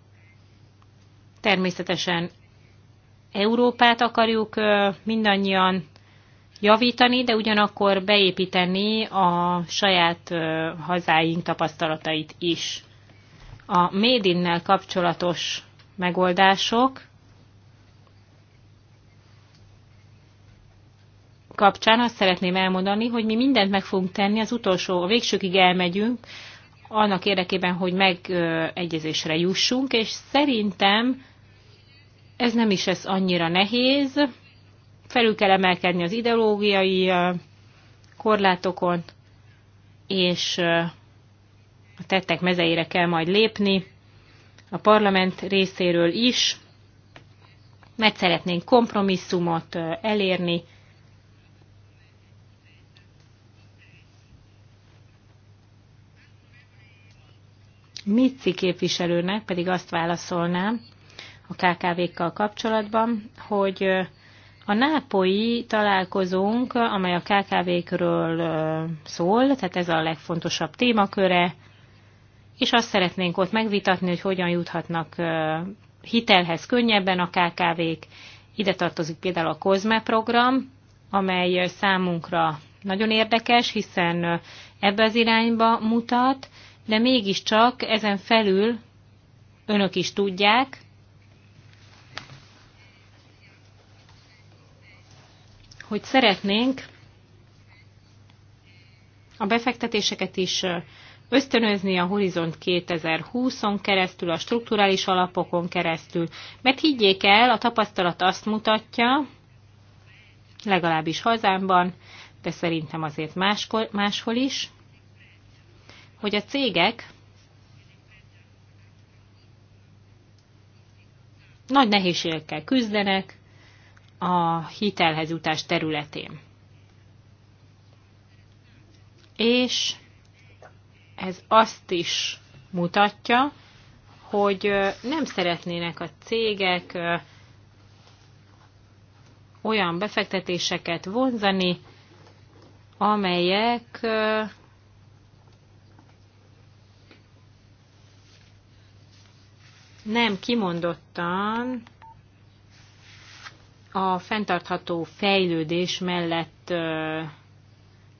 Természetesen Európát akarjuk mindannyian javítani, de ugyanakkor beépíteni a saját hazáink tapasztalatait is. A Médinnel kapcsolatos megoldások kapcsán azt szeretném elmondani, hogy mi mindent meg fogunk tenni, az utolsó, a végsőkig elmegyünk, annak érdekében, hogy megegyezésre jussunk, és szerintem ez nem is lesz annyira nehéz. Felül kell emelkedni az ideológiai korlátokon, és a tettek mezeire kell majd lépni, a parlament részéről is, mert szeretnénk kompromisszumot elérni, Mici képviselőnek pedig azt válaszolnám a KKV-kkal kapcsolatban, hogy a nápoi találkozónk, amely a KKV-kről szól, tehát ez a legfontosabb témaköre, és azt szeretnénk ott megvitatni, hogy hogyan juthatnak hitelhez könnyebben a KKV-k. Ide tartozik például a COSME program, amely számunkra nagyon érdekes, hiszen ebbe az irányba mutat, de mégiscsak ezen felül önök is tudják, hogy szeretnénk a befektetéseket is ösztönözni a Horizont 2020-on keresztül, a strukturális alapokon keresztül, mert higgyék el, a tapasztalat azt mutatja, legalábbis hazámban, de szerintem azért máskor, máshol is, hogy a cégek nagy nehézségekkel küzdenek a hitelhez jutás területén. És ez azt is mutatja, hogy nem szeretnének a cégek olyan befektetéseket vonzani, amelyek nem kimondottan a fenntartható fejlődés mellett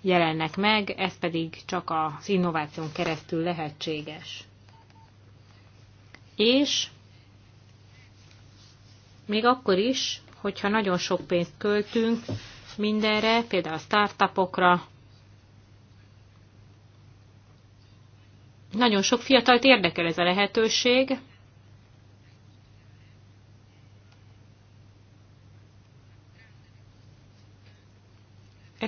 jelennek meg, ez pedig csak az innováción keresztül lehetséges. És még akkor is, hogyha nagyon sok pénzt költünk mindenre, például a startupokra, nagyon sok fiatalt érdekel ez a lehetőség,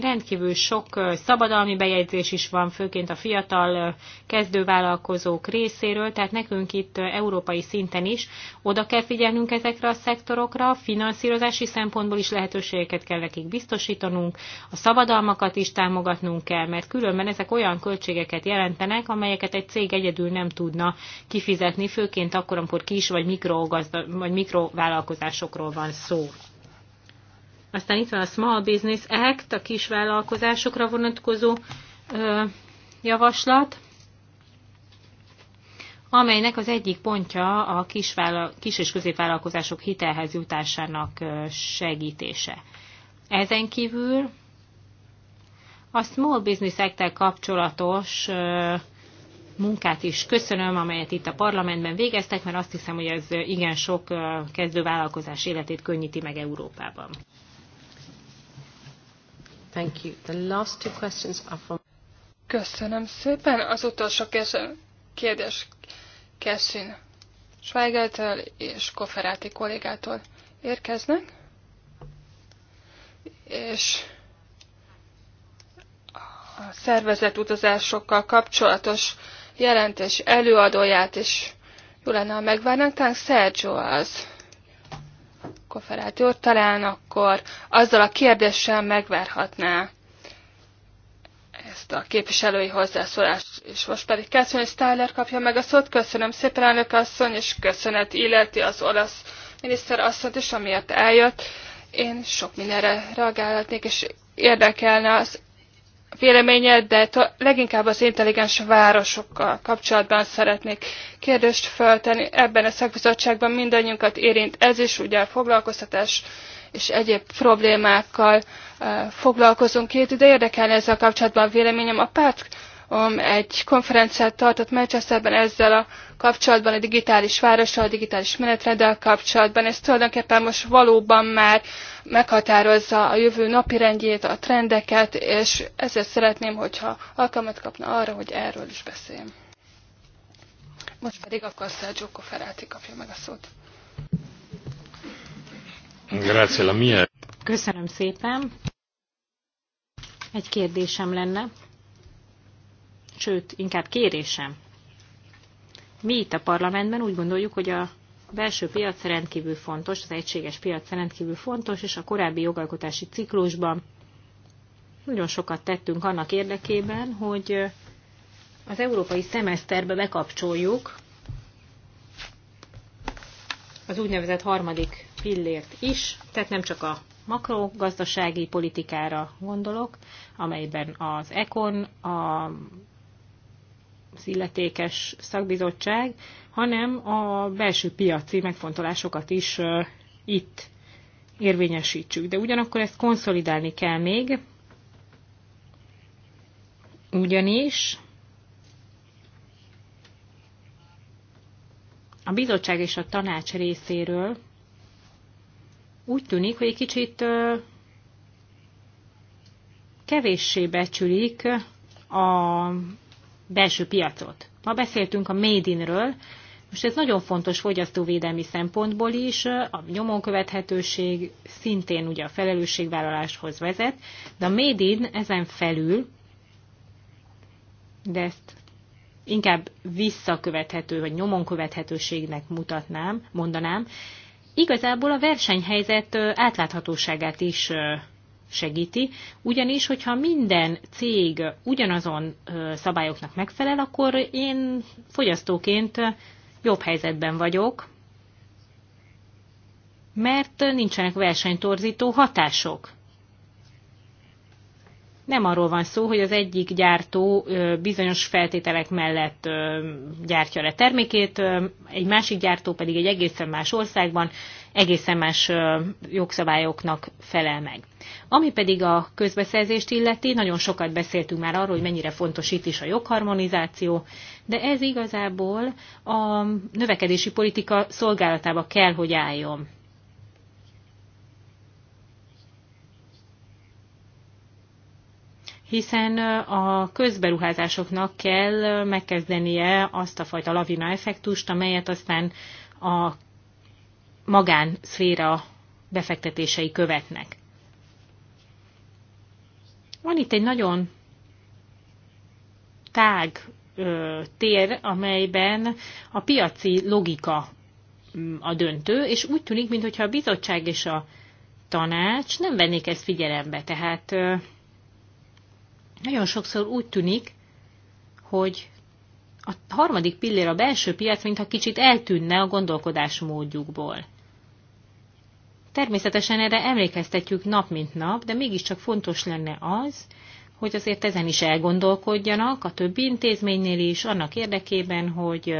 rendkívül sok szabadalmi bejegyzés is van, főként a fiatal kezdővállalkozók részéről, tehát nekünk itt európai szinten is oda kell figyelnünk ezekre a szektorokra, finanszírozási szempontból is lehetőségeket kell nekik biztosítanunk, a szabadalmakat is támogatnunk kell, mert különben ezek olyan költségeket jelentenek, amelyeket egy cég egyedül nem tudna kifizetni, főként akkor, amikor kis vagy, mikrogazda, vagy mikrovállalkozásokról van szó. Aztán itt van a Small Business Act, a kisvállalkozásokra vonatkozó ö, javaslat, amelynek az egyik pontja a kis és középvállalkozások hitelhez jutásának segítése. Ezen kívül a Small Business act kapcsolatos munkát is köszönöm, amelyet itt a parlamentben végeztek, mert azt hiszem, hogy ez igen sok kezdővállalkozás életét könnyíti meg Európában. Thank you. The last two questions are from... Köszönöm szépen. Az utolsó kérdés Kessin Schweigertől és Koferáti kollégától érkeznek. És a szervezet utazásokkal kapcsolatos jelentés előadóját is jó lenne, ha megvárnánk. Talán Sergio az konferációt, talán akkor azzal a kérdéssel megvárhatná ezt a képviselői hozzászólást. És most pedig hogy Styler kapja meg a szót. Köszönöm szépen, elnök asszony, és köszönet illeti az olasz miniszter asszonyt is, amiért eljött. Én sok mindenre reagálhatnék, és érdekelne az véleményed, de leginkább az intelligens városokkal kapcsolatban szeretnék kérdést feltenni. Ebben a szakbizottságban mindannyiunkat érint ez is, ugye a foglalkoztatás és egyéb problémákkal eh, foglalkozunk két, de érdekelne ezzel kapcsolatban a véleményem. A párt Um, egy konferenciát tartott Manchesterben ezzel a kapcsolatban, a digitális városra, a digitális menetreddel kapcsolatban. Ez tulajdonképpen most valóban már meghatározza a jövő napi rendjét, a trendeket, és ezért szeretném, hogyha alkalmat kapna arra, hogy erről is beszéljem. Most pedig akkor Sergio Cofferati kapja meg a szót. Grazie, la mia. Köszönöm szépen. Egy kérdésem lenne sőt, inkább kérésem. Mi itt a parlamentben úgy gondoljuk, hogy a belső piac rendkívül fontos, az egységes piac rendkívül fontos, és a korábbi jogalkotási ciklusban nagyon sokat tettünk annak érdekében, hogy az európai szemeszterbe bekapcsoljuk az úgynevezett harmadik pillért is, tehát nem csak a makrogazdasági politikára gondolok, amelyben az ECON, a az illetékes szakbizottság, hanem a belső piaci megfontolásokat is itt érvényesítsük. De ugyanakkor ezt konszolidálni kell még, ugyanis a bizottság és a tanács részéről úgy tűnik, hogy egy kicsit kevéssé becsülik a belső piacot. Ma beszéltünk a Made inről, most ez nagyon fontos fogyasztóvédelmi szempontból is, a nyomon követhetőség szintén ugye a felelősségvállaláshoz vezet, de a Made in ezen felül, de ezt inkább visszakövethető, vagy nyomon követhetőségnek mutatnám, mondanám, igazából a versenyhelyzet átláthatóságát is segíti, ugyanis, hogyha minden cég ugyanazon szabályoknak megfelel, akkor én fogyasztóként jobb helyzetben vagyok, mert nincsenek versenytorzító hatások. Nem arról van szó, hogy az egyik gyártó bizonyos feltételek mellett gyártja le termékét, egy másik gyártó pedig egy egészen más országban egészen más jogszabályoknak felel meg. Ami pedig a közbeszerzést illeti, nagyon sokat beszéltünk már arról, hogy mennyire fontos itt is a jogharmonizáció, de ez igazából a növekedési politika szolgálatába kell, hogy álljon. hiszen a közberuházásoknak kell megkezdenie azt a fajta lavina effektust, amelyet aztán a magánszféra befektetései követnek. Van itt egy nagyon tág ö, tér, amelyben a piaci logika mm, a döntő, és úgy tűnik, mintha a bizottság és a tanács nem vennék ezt figyelembe. Tehát ö, nagyon sokszor úgy tűnik, hogy a harmadik pillér a belső piac, mintha kicsit eltűnne a gondolkodásmódjukból. Természetesen erre emlékeztetjük nap mint nap, de mégiscsak fontos lenne az, hogy azért ezen is elgondolkodjanak a többi intézménynél is, annak érdekében, hogy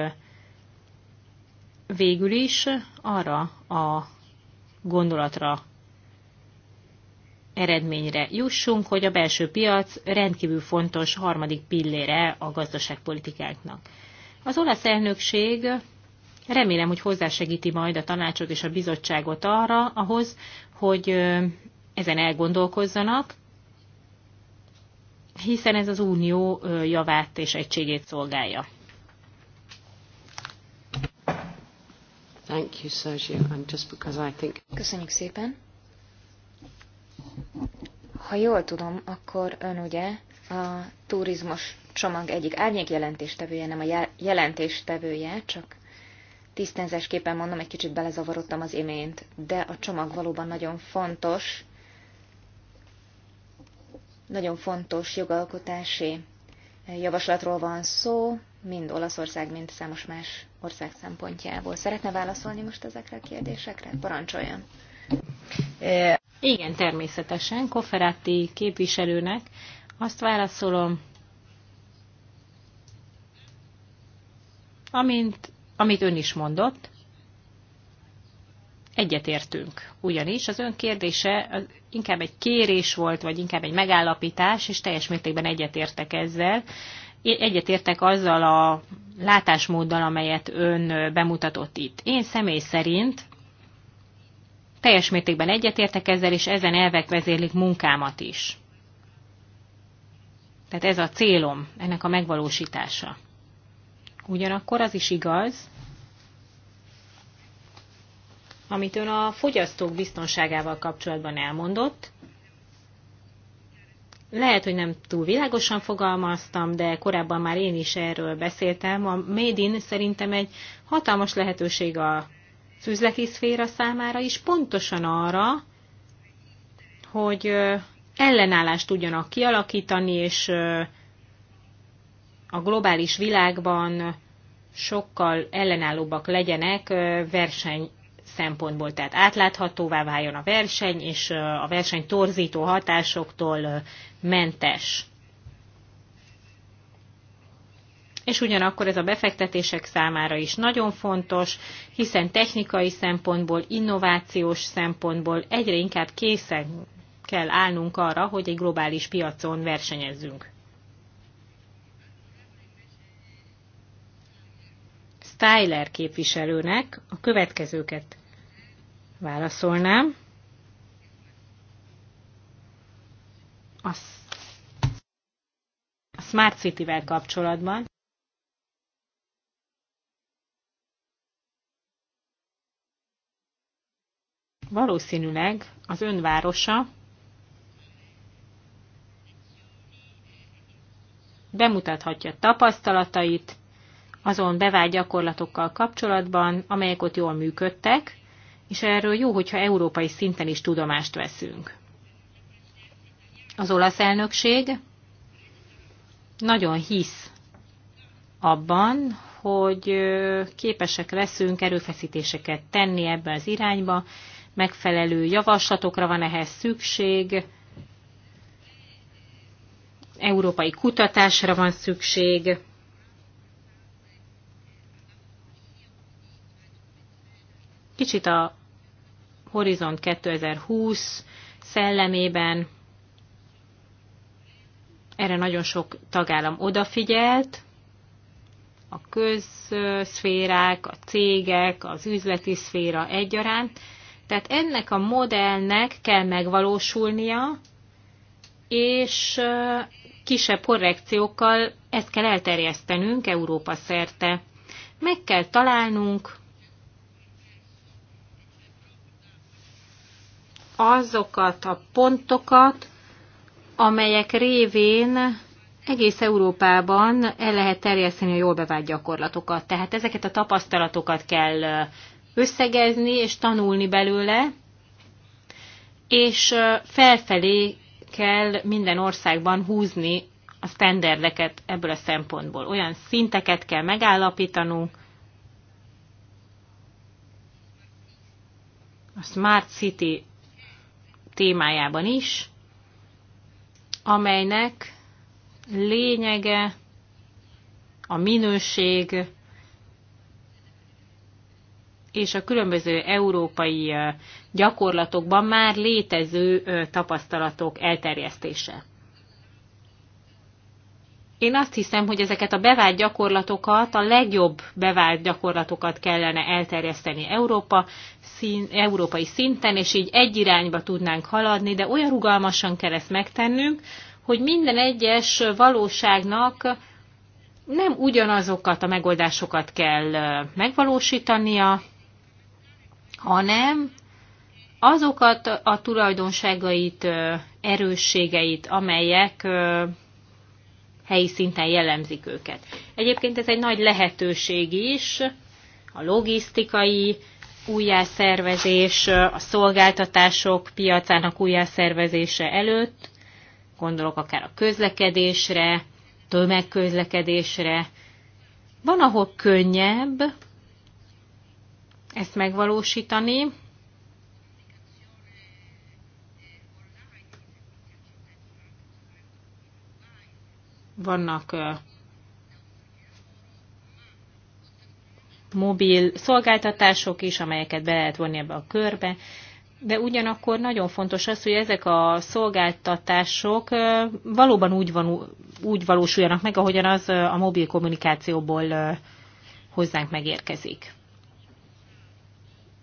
végül is arra a gondolatra, eredményre jussunk, hogy a belső piac rendkívül fontos harmadik pillére a gazdaságpolitikáknak. Az olasz elnökség Remélem, hogy hozzásegíti majd a tanácsot és a bizottságot arra, ahhoz, hogy ezen elgondolkozzanak, hiszen ez az unió javát és egységét szolgálja. Thank you, Sergio. And just because I think... Köszönjük szépen. Ha jól tudom, akkor ön ugye a turizmus csomag egyik árnyék jelentéstevője, nem a jelentéstevője, csak tisztenzésképpen mondom, egy kicsit belezavarodtam az imént, de a csomag valóban nagyon fontos, nagyon fontos jogalkotási javaslatról van szó, mind Olaszország, mind számos más ország szempontjából. Szeretne válaszolni most ezekre a kérdésekre? Parancsoljon! Igen, természetesen. Koferáti képviselőnek azt válaszolom, amint amit ön is mondott, egyetértünk. Ugyanis az ön kérdése az inkább egy kérés volt, vagy inkább egy megállapítás, és teljes mértékben egyetértek ezzel. Egyetértek azzal a látásmóddal, amelyet ön bemutatott itt. Én személy szerint teljes mértékben egyetértek ezzel, és ezen elvek vezérlik munkámat is. Tehát ez a célom, ennek a megvalósítása. Ugyanakkor az is igaz, amit ön a fogyasztók biztonságával kapcsolatban elmondott. Lehet, hogy nem túl világosan fogalmaztam, de korábban már én is erről beszéltem. A Made in szerintem egy hatalmas lehetőség a üzleti szféra számára is, pontosan arra, hogy ellenállást tudjanak kialakítani, és a globális világban sokkal ellenállóbbak legyenek verseny szempontból, tehát átláthatóvá váljon a verseny, és a verseny torzító hatásoktól mentes. És ugyanakkor ez a befektetések számára is nagyon fontos, hiszen technikai szempontból, innovációs szempontból egyre inkább készen kell állnunk arra, hogy egy globális piacon versenyezzünk. Styler képviselőnek a következőket válaszolnám. A, a Smart City-vel kapcsolatban. Valószínűleg az önvárosa bemutathatja tapasztalatait, azon bevált gyakorlatokkal kapcsolatban, amelyek ott jól működtek, és erről jó, hogyha európai szinten is tudomást veszünk. Az olasz elnökség nagyon hisz abban, hogy képesek leszünk erőfeszítéseket tenni ebbe az irányba, megfelelő javaslatokra van ehhez szükség, európai kutatásra van szükség, kicsit a Horizont 2020 szellemében erre nagyon sok tagállam odafigyelt, a közszférák, a cégek, az üzleti szféra egyaránt. Tehát ennek a modellnek kell megvalósulnia, és kisebb korrekciókkal ezt kell elterjesztenünk Európa szerte. Meg kell találnunk azokat a pontokat, amelyek révén egész Európában el lehet terjeszteni a jól bevált gyakorlatokat. Tehát ezeket a tapasztalatokat kell összegezni és tanulni belőle, és felfelé kell minden országban húzni a sztenderdeket ebből a szempontból. Olyan szinteket kell megállapítanunk, a Smart City témájában is, amelynek lényege a minőség és a különböző európai gyakorlatokban már létező tapasztalatok elterjesztése én azt hiszem, hogy ezeket a bevált gyakorlatokat, a legjobb bevált gyakorlatokat kellene elterjeszteni Európa, szín, európai szinten, és így egy irányba tudnánk haladni, de olyan rugalmasan kell ezt megtennünk, hogy minden egyes valóságnak nem ugyanazokat a megoldásokat kell megvalósítania, hanem azokat a tulajdonságait, erősségeit, amelyek helyi szinten jellemzik őket. Egyébként ez egy nagy lehetőség is, a logisztikai újjászervezés, a szolgáltatások piacának újjászervezése előtt, gondolok akár a közlekedésre, tömegközlekedésre. Van, ahol könnyebb ezt megvalósítani, vannak mobil szolgáltatások is, amelyeket be lehet vonni ebbe a körbe, de ugyanakkor nagyon fontos az, hogy ezek a szolgáltatások valóban úgy, van, úgy valósuljanak meg, ahogyan az a mobil kommunikációból hozzánk megérkezik.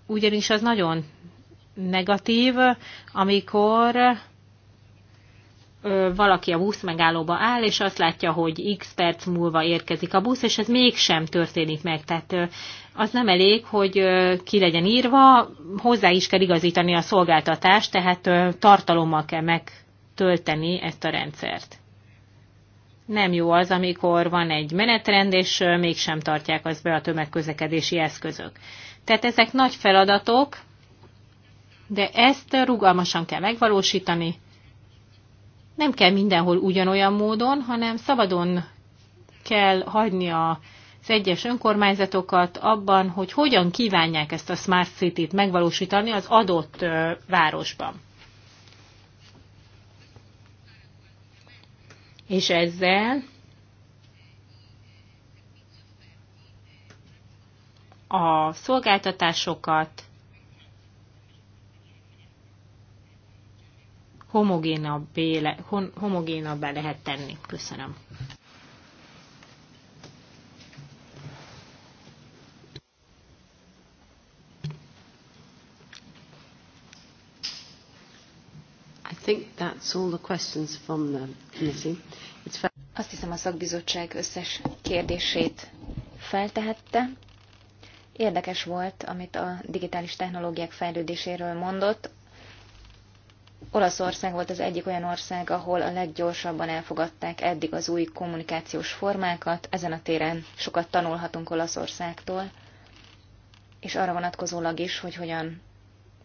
Ugyanis az nagyon negatív, amikor valaki a busz megállóba áll, és azt látja, hogy x perc múlva érkezik a busz, és ez mégsem történik meg. Tehát az nem elég, hogy ki legyen írva, hozzá is kell igazítani a szolgáltatást, tehát tartalommal kell megtölteni ezt a rendszert. Nem jó az, amikor van egy menetrend, és mégsem tartják az be a tömegközlekedési eszközök. Tehát ezek nagy feladatok, de ezt rugalmasan kell megvalósítani, nem kell mindenhol ugyanolyan módon, hanem szabadon kell hagyni a az egyes önkormányzatokat abban, hogy hogyan kívánják ezt a Smart City-t megvalósítani az adott városban. És ezzel a szolgáltatásokat homogénabbé, le, homogénabbá lehet tenni. Köszönöm. think that's all the questions from the committee. It's Azt hiszem a szakbizottság összes kérdését feltehette. Érdekes volt, amit a digitális technológiák fejlődéséről mondott. Olaszország volt az egyik olyan ország, ahol a leggyorsabban elfogadták eddig az új kommunikációs formákat. Ezen a téren sokat tanulhatunk Olaszországtól, és arra vonatkozólag is, hogy hogyan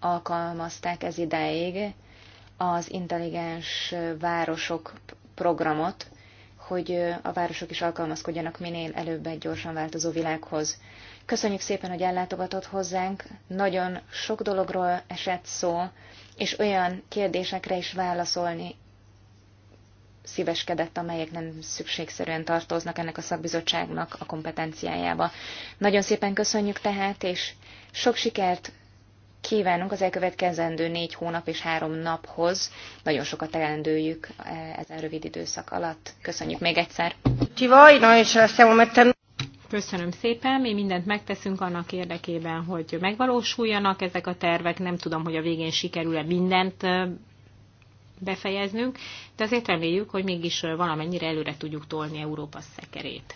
alkalmazták ez idáig az intelligens városok programot, hogy a városok is alkalmazkodjanak minél előbb egy gyorsan változó világhoz. Köszönjük szépen, hogy ellátogatott hozzánk, nagyon sok dologról esett szó, és olyan kérdésekre is válaszolni szíveskedett, amelyek nem szükségszerűen tartoznak ennek a szakbizottságnak a kompetenciájába. Nagyon szépen köszönjük tehát, és sok sikert kívánunk az elkövetkezendő négy hónap és három naphoz. Nagyon sokat elendőjük e, ezen rövid időszak alatt. Köszönjük még egyszer. Köszönöm szépen, mi mindent megteszünk annak érdekében, hogy megvalósuljanak ezek a tervek. Nem tudom, hogy a végén sikerül-e mindent e, befejeznünk, de azért reméljük, hogy mégis e, valamennyire előre tudjuk tolni Európa szekerét.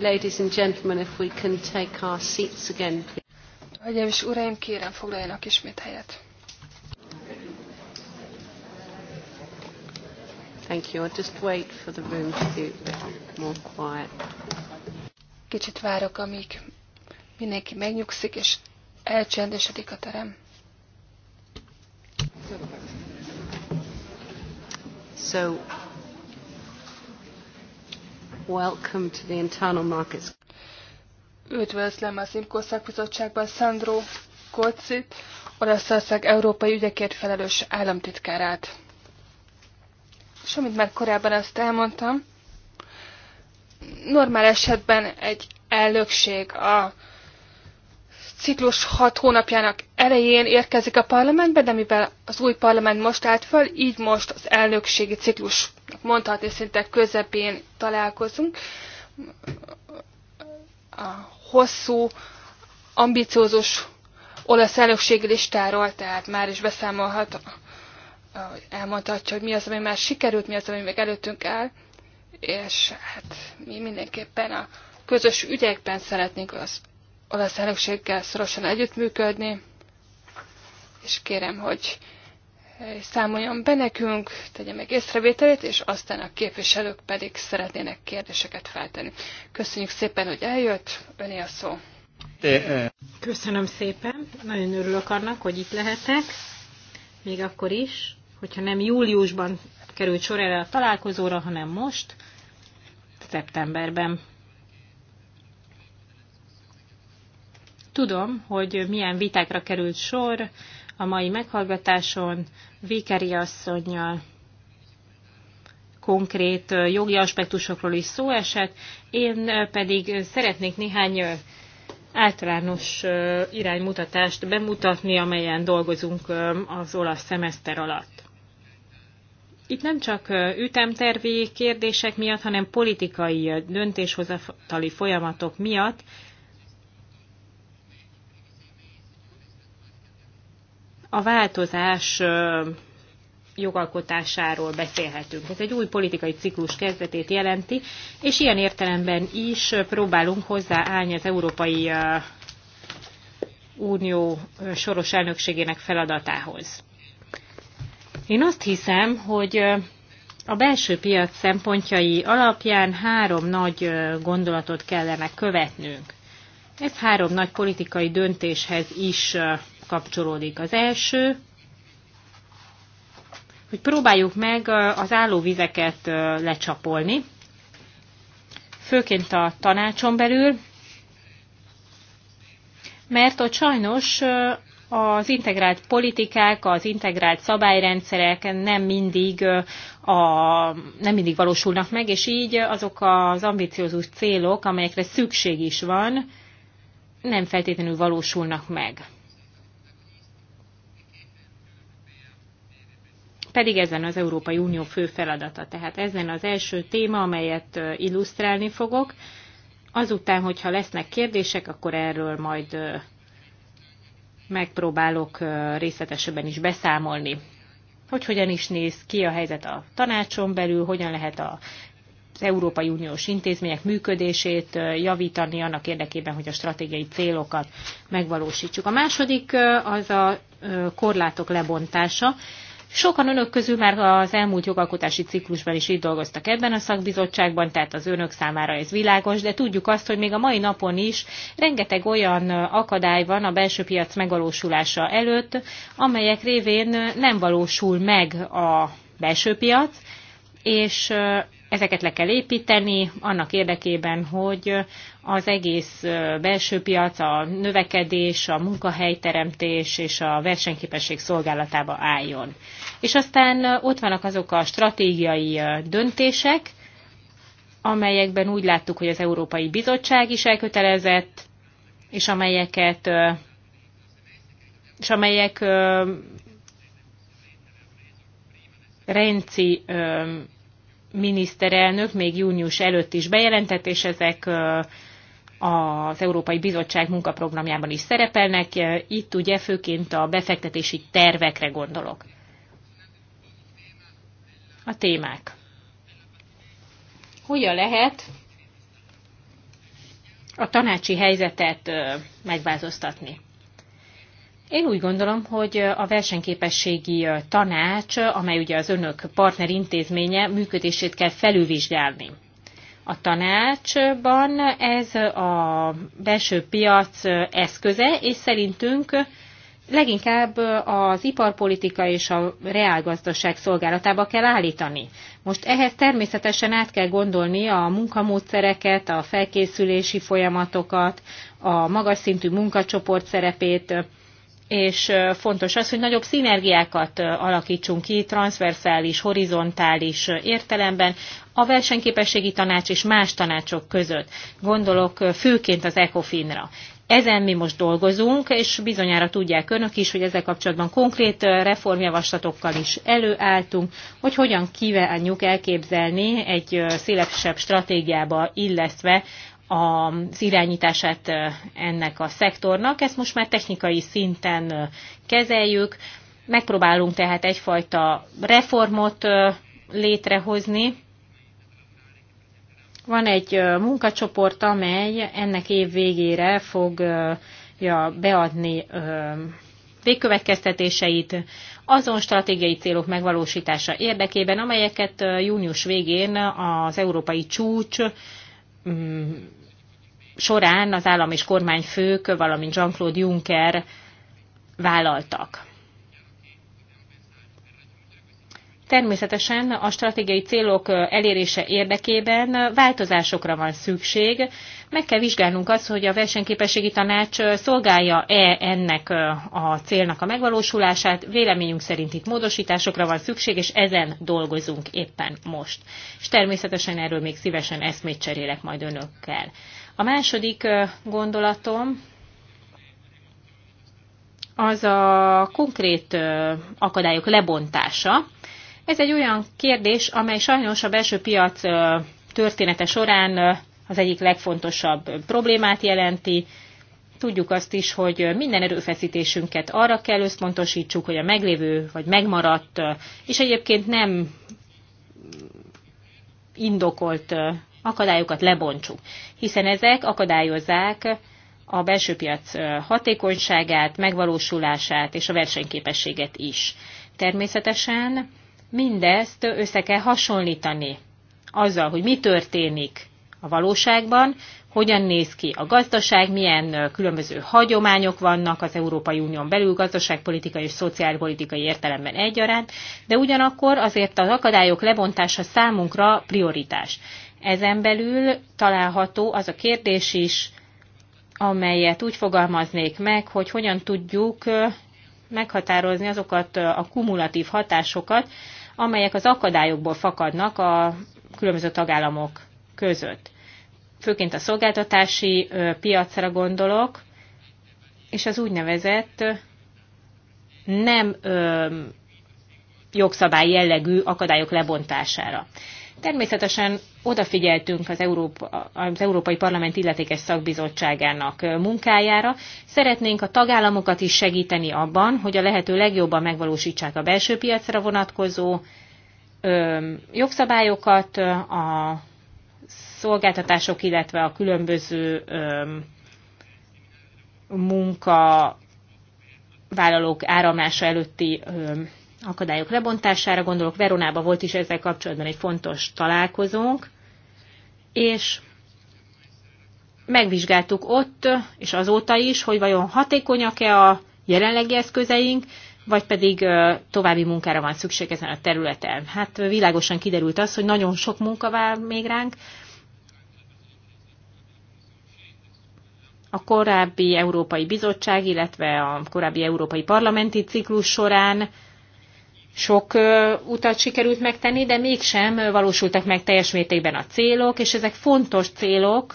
Ladies and gentlemen, if we can take our seats again, please. és uraim, kérem foglaljanak ismét helyet. Thank you. I'll just wait for the room to be a bit more quiet. Kicsit várok, amíg mindenki megnyugszik, és elcsendesedik a terem. So Welcome to the Internal Markets. Üdvözlöm az IMCO szakbizottságban Sandro Kocit, Olaszország európai ügyekért felelős államtitkárát. És amit már korábban azt elmondtam, normál esetben egy elnökség a ciklus hat hónapjának elején érkezik a parlamentbe, de mivel az új parlament most állt föl, így most az elnökségi ciklus mondhatni szinte közepén találkozunk. A hosszú, ambiciózus olasz elnökség listáról, tehát már is beszámolhat, elmondhatja, hogy mi az, ami már sikerült, mi az, ami még előttünk áll, és hát mi mindenképpen a közös ügyekben szeretnénk az olasz elnökséggel szorosan együttműködni, és kérem, hogy számoljon be nekünk, tegye meg észrevételét, és aztán a képviselők pedig szeretnének kérdéseket feltenni. Köszönjük szépen, hogy eljött, öné a szó. Köszönöm szépen, nagyon örülök annak, hogy itt lehetek, még akkor is, hogyha nem júliusban került sor erre a találkozóra, hanem most, szeptemberben. Tudom, hogy milyen vitákra került sor, a mai meghallgatáson Vikeri asszonynal konkrét jogi aspektusokról is szó esett, én pedig szeretnék néhány általános iránymutatást bemutatni, amelyen dolgozunk az olasz szemeszter alatt. Itt nem csak ütemtervi kérdések miatt, hanem politikai döntéshozatali folyamatok miatt a változás jogalkotásáról beszélhetünk. Ez egy új politikai ciklus kezdetét jelenti, és ilyen értelemben is próbálunk hozzáállni az Európai Unió soros elnökségének feladatához. Én azt hiszem, hogy a belső piac szempontjai alapján három nagy gondolatot kellene követnünk. Ez három nagy politikai döntéshez is kapcsolódik. Az első, hogy próbáljuk meg az állóvizeket lecsapolni, főként a tanácson belül, mert ott sajnos az integrált politikák, az integrált szabályrendszerek nem mindig, a, nem mindig valósulnak meg, és így azok az ambiciózus célok, amelyekre szükség is van, nem feltétlenül valósulnak meg. pedig ezen az Európai Unió fő feladata. Tehát ezen az első téma, amelyet illusztrálni fogok. Azután, hogyha lesznek kérdések, akkor erről majd megpróbálok részletesebben is beszámolni. Hogy hogyan is néz ki a helyzet a tanácson belül, hogyan lehet a az Európai Uniós intézmények működését javítani annak érdekében, hogy a stratégiai célokat megvalósítsuk. A második az a korlátok lebontása. Sokan önök közül már az elmúlt jogalkotási ciklusban is itt dolgoztak ebben a szakbizottságban, tehát az önök számára ez világos, de tudjuk azt, hogy még a mai napon is rengeteg olyan akadály van a belső piac megvalósulása előtt, amelyek révén nem valósul meg a belső piac, és ezeket le kell építeni annak érdekében, hogy az egész belső piac, a növekedés, a munkahelyteremtés és a versenyképesség szolgálatába álljon. És aztán ott vannak azok a stratégiai döntések, amelyekben úgy láttuk, hogy az Európai Bizottság is elkötelezett, és amelyeket és amelyek rendszi miniszterelnök még június előtt is bejelentett, és ezek az Európai Bizottság munkaprogramjában is szerepelnek. Itt ugye főként a befektetési tervekre gondolok. A témák. Hogyan lehet a tanácsi helyzetet megváltoztatni? Én úgy gondolom, hogy a versenyképességi tanács, amely ugye az önök partner intézménye, működését kell felülvizsgálni. A tanácsban ez a belső piac eszköze, és szerintünk leginkább az iparpolitika és a reálgazdaság szolgálatába kell állítani. Most ehhez természetesen át kell gondolni a munkamódszereket, a felkészülési folyamatokat, a magas szintű munkacsoport szerepét, és fontos az, hogy nagyobb szinergiákat alakítsunk ki transzverszális, horizontális értelemben a versenyképességi tanács és más tanácsok között. Gondolok főként az ECOFIN-ra. Ezen mi most dolgozunk, és bizonyára tudják önök is, hogy ezzel kapcsolatban konkrét reformjavaslatokkal is előálltunk, hogy hogyan kívánjuk elképzelni egy szélesebb stratégiába illesztve az irányítását ennek a szektornak. Ezt most már technikai szinten kezeljük. Megpróbálunk tehát egyfajta reformot létrehozni. Van egy munkacsoport, amely ennek év végére fogja beadni végkövetkeztetéseit azon stratégiai célok megvalósítása érdekében, amelyeket június végén az európai csúcs mm, során az állam és kormányfők, valamint Jean-Claude Juncker vállaltak. Természetesen a stratégiai célok elérése érdekében változásokra van szükség. Meg kell vizsgálnunk azt, hogy a versenyképességi tanács szolgálja-e ennek a célnak a megvalósulását. Véleményünk szerint itt módosításokra van szükség, és ezen dolgozunk éppen most. És természetesen erről még szívesen eszmét cserélek majd önökkel. A második gondolatom az a konkrét akadályok lebontása. Ez egy olyan kérdés, amely sajnos a belső piac története során az egyik legfontosabb problémát jelenti. Tudjuk azt is, hogy minden erőfeszítésünket arra kell összpontosítsuk, hogy a meglévő vagy megmaradt, és egyébként nem indokolt akadályokat lebontsuk, hiszen ezek akadályozzák a belső piac hatékonyságát, megvalósulását és a versenyképességet is. Természetesen mindezt össze kell hasonlítani azzal, hogy mi történik a valóságban, hogyan néz ki a gazdaság, milyen különböző hagyományok vannak az Európai Unión belül gazdaságpolitikai és szociálpolitikai értelemben egyaránt, de ugyanakkor azért az akadályok lebontása számunkra prioritás. Ezen belül található az a kérdés is, amelyet úgy fogalmaznék meg, hogy hogyan tudjuk meghatározni azokat a kumulatív hatásokat, amelyek az akadályokból fakadnak a különböző tagállamok között. Főként a szolgáltatási piacra gondolok, és az úgynevezett nem jogszabály jellegű akadályok lebontására. Természetesen odafigyeltünk az, Európa, az Európai Parlament illetékes szakbizottságának munkájára. Szeretnénk a tagállamokat is segíteni abban, hogy a lehető legjobban megvalósítsák a belső piacra vonatkozó ö, jogszabályokat, a szolgáltatások, illetve a különböző ö, munka vállalók áramlása előtti ö, akadályok lebontására, gondolok Veronába volt is ezzel kapcsolatban egy fontos találkozónk, és megvizsgáltuk ott, és azóta is, hogy vajon hatékonyak-e a jelenlegi eszközeink, vagy pedig további munkára van szükség ezen a területen. Hát világosan kiderült az, hogy nagyon sok munka vár még ránk. A korábbi Európai Bizottság, illetve a korábbi Európai Parlamenti ciklus során sok utat sikerült megtenni, de mégsem valósultak meg teljes mértékben a célok, és ezek fontos célok,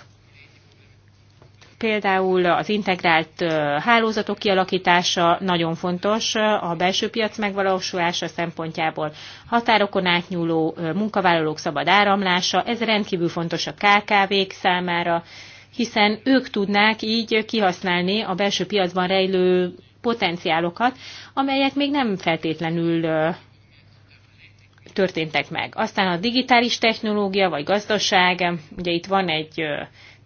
például az integrált hálózatok kialakítása nagyon fontos a belső piac megvalósulása szempontjából. Határokon átnyúló munkavállalók szabad áramlása, ez rendkívül fontos a KKV-k számára, hiszen ők tudnák így kihasználni a belső piacban rejlő potenciálokat, amelyek még nem feltétlenül történtek meg. Aztán a digitális technológia vagy gazdaság, ugye itt van egy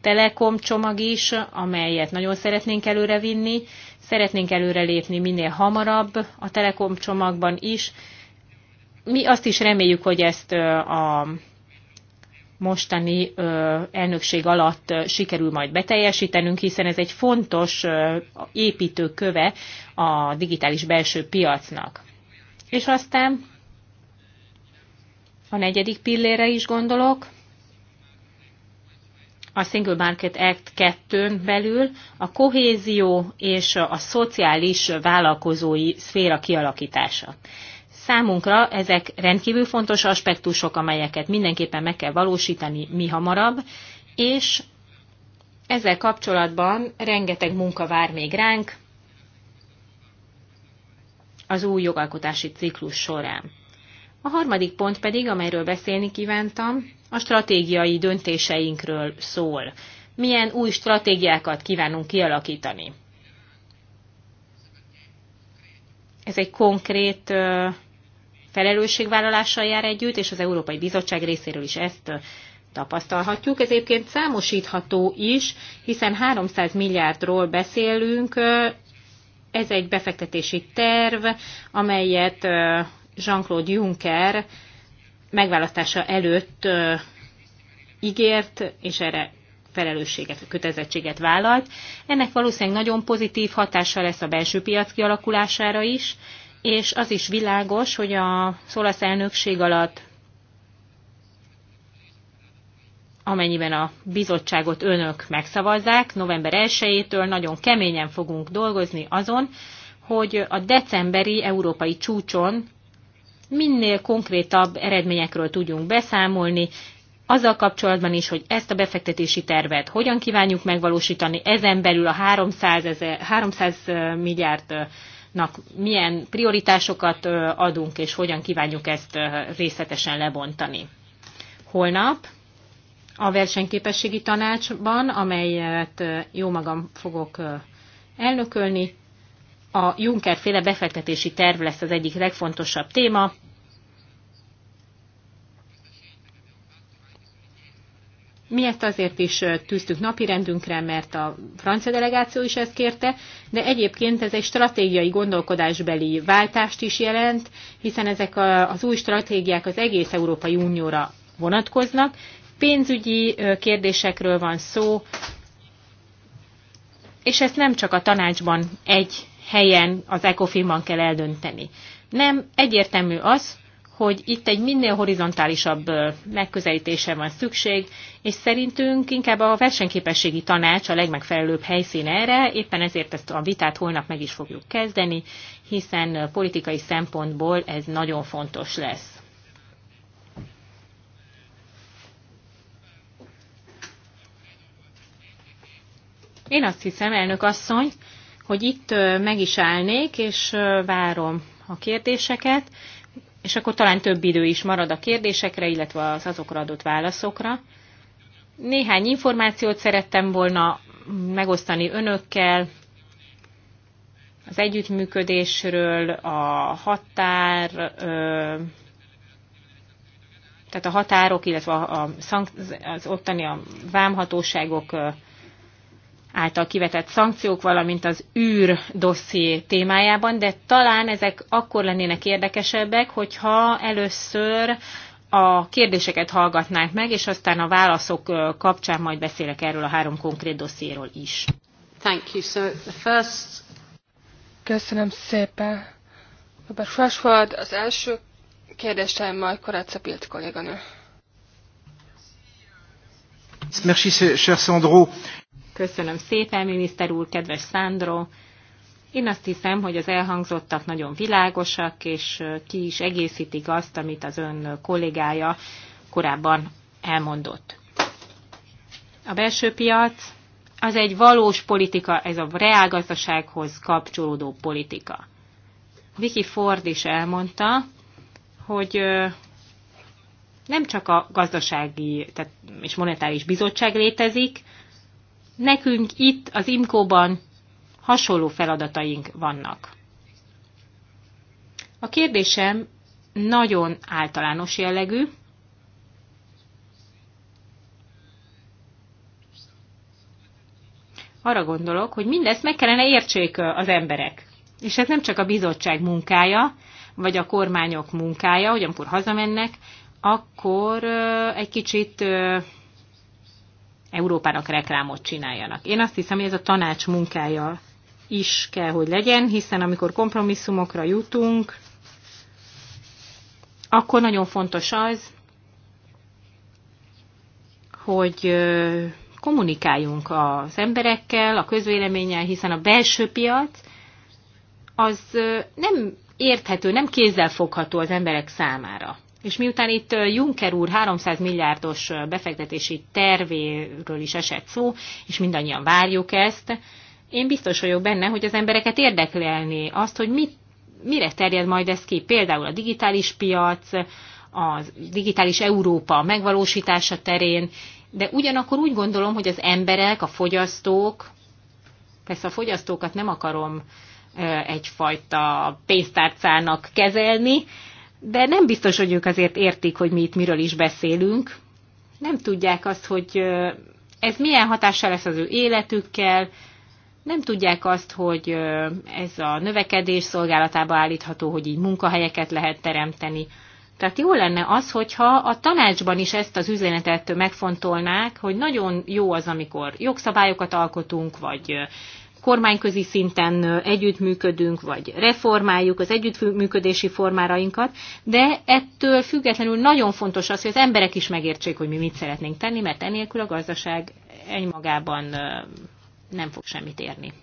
telekom csomag is, amelyet nagyon szeretnénk előrevinni, szeretnénk előrelépni minél hamarabb a telekom csomagban is. Mi azt is reméljük, hogy ezt a mostani elnökség alatt sikerül majd beteljesítenünk, hiszen ez egy fontos építőköve a digitális belső piacnak. És aztán a negyedik pillére is gondolok, a Single Market Act 2 belül a kohézió és a szociális vállalkozói szféra kialakítása. Számunkra ezek rendkívül fontos aspektusok, amelyeket mindenképpen meg kell valósítani mi hamarabb, és ezzel kapcsolatban rengeteg munka vár még ránk az új jogalkotási ciklus során. A harmadik pont pedig, amelyről beszélni kívántam, a stratégiai döntéseinkről szól. Milyen új stratégiákat kívánunk kialakítani? Ez egy konkrét felelősségvállalással jár együtt, és az Európai Bizottság részéről is ezt tapasztalhatjuk. Ez egyébként számosítható is, hiszen 300 milliárdról beszélünk, ez egy befektetési terv, amelyet Jean-Claude Juncker megválasztása előtt ígért, és erre felelősséget, kötelezettséget vállalt. Ennek valószínűleg nagyon pozitív hatása lesz a belső piac kialakulására is, és az is világos, hogy a szolasz elnökség alatt, amennyiben a bizottságot önök megszavazzák, november 1-től nagyon keményen fogunk dolgozni azon, hogy a decemberi európai csúcson minél konkrétabb eredményekről tudjunk beszámolni, azzal kapcsolatban is, hogy ezt a befektetési tervet hogyan kívánjuk megvalósítani, ezen belül a 300, ezer, 300 milliárd milyen prioritásokat adunk, és hogyan kívánjuk ezt részletesen lebontani. Holnap a versenyképességi tanácsban, amelyet jó magam fogok elnökölni, a Juncker féle befektetési terv lesz az egyik legfontosabb téma, Mi ezt azért is tűztük napirendünkre, mert a francia delegáció is ezt kérte, de egyébként ez egy stratégiai gondolkodásbeli váltást is jelent, hiszen ezek az új stratégiák az egész Európai Unióra vonatkoznak. Pénzügyi kérdésekről van szó, és ezt nem csak a tanácsban egy helyen, az ECOFIN-ban kell eldönteni. Nem, egyértelmű az, hogy itt egy minél horizontálisabb megközelítése van szükség, és szerintünk inkább a versenyképességi tanács a legmegfelelőbb helyszín erre, éppen ezért ezt a vitát holnap meg is fogjuk kezdeni, hiszen politikai szempontból ez nagyon fontos lesz. Én azt hiszem, elnök asszony, hogy itt meg is állnék, és várom a kérdéseket és akkor talán több idő is marad a kérdésekre, illetve az azokra adott válaszokra. Néhány információt szerettem volna megosztani önökkel az együttműködésről, a határ, tehát a határok, illetve a, a, az ottani a vámhatóságok által kivetett szankciók, valamint az űr dosszié témájában, de talán ezek akkor lennének érdekesebbek, hogyha először a kérdéseket hallgatnánk meg, és aztán a válaszok kapcsán majd beszélek erről a három konkrét dossziéról is. Thank you. So the first... Köszönöm szépen. Robert Rashford, az első kérdésem majd Korácsa Pilt kolléganő. Merci, cher Sandro. Köszönöm szépen, miniszter úr, kedves Szándró. Én azt hiszem, hogy az elhangzottak nagyon világosak, és ki is egészítik azt, amit az ön kollégája korábban elmondott. A belső piac az egy valós politika, ez a reálgazdasághoz kapcsolódó politika. Vicky Ford is elmondta, hogy nem csak a gazdasági tehát és monetáris bizottság létezik, nekünk itt az IMKO-ban hasonló feladataink vannak. A kérdésem nagyon általános jellegű. Arra gondolok, hogy mindezt meg kellene értsék az emberek. És ez nem csak a bizottság munkája, vagy a kormányok munkája, hogy amikor hazamennek, akkor egy kicsit Európának reklámot csináljanak. Én azt hiszem, hogy ez a tanács munkája is kell, hogy legyen, hiszen amikor kompromisszumokra jutunk, akkor nagyon fontos az, hogy kommunikáljunk az emberekkel, a közvéleménnyel, hiszen a belső piac az nem érthető, nem kézzelfogható az emberek számára. És miután itt Juncker úr 300 milliárdos befektetési tervéről is esett szó, és mindannyian várjuk ezt, én biztos vagyok benne, hogy az embereket érdekelni azt, hogy mit, mire terjed majd ez ki, például a digitális piac, a digitális Európa megvalósítása terén, de ugyanakkor úgy gondolom, hogy az emberek, a fogyasztók, persze a fogyasztókat nem akarom egyfajta pénztárcának kezelni, de nem biztos, hogy ők azért értik, hogy mi itt miről is beszélünk. Nem tudják azt, hogy ez milyen hatással lesz az ő életükkel, nem tudják azt, hogy ez a növekedés szolgálatába állítható, hogy így munkahelyeket lehet teremteni. Tehát jó lenne az, hogyha a tanácsban is ezt az üzenetet megfontolnák, hogy nagyon jó az, amikor jogszabályokat alkotunk, vagy kormányközi szinten együttműködünk, vagy reformáljuk az együttműködési formárainkat, de ettől függetlenül nagyon fontos az, hogy az emberek is megértsék, hogy mi mit szeretnénk tenni, mert enélkül a gazdaság egymagában nem fog semmit érni.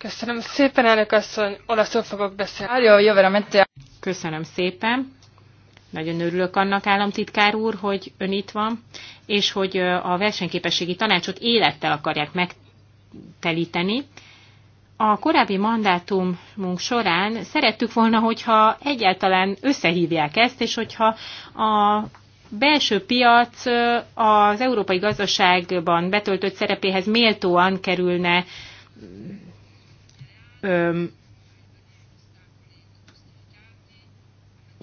Köszönöm szépen, elnök asszony, olaszul fogok beszélni. Köszönöm szépen. Nagyon örülök annak, államtitkár úr, hogy ön itt van, és hogy a versenyképességi tanácsot élettel akarják meg telíteni. A korábbi mandátumunk során szerettük volna, hogyha egyáltalán összehívják ezt, és hogyha a belső piac az európai gazdaságban betöltött szerepéhez méltóan kerülne öm,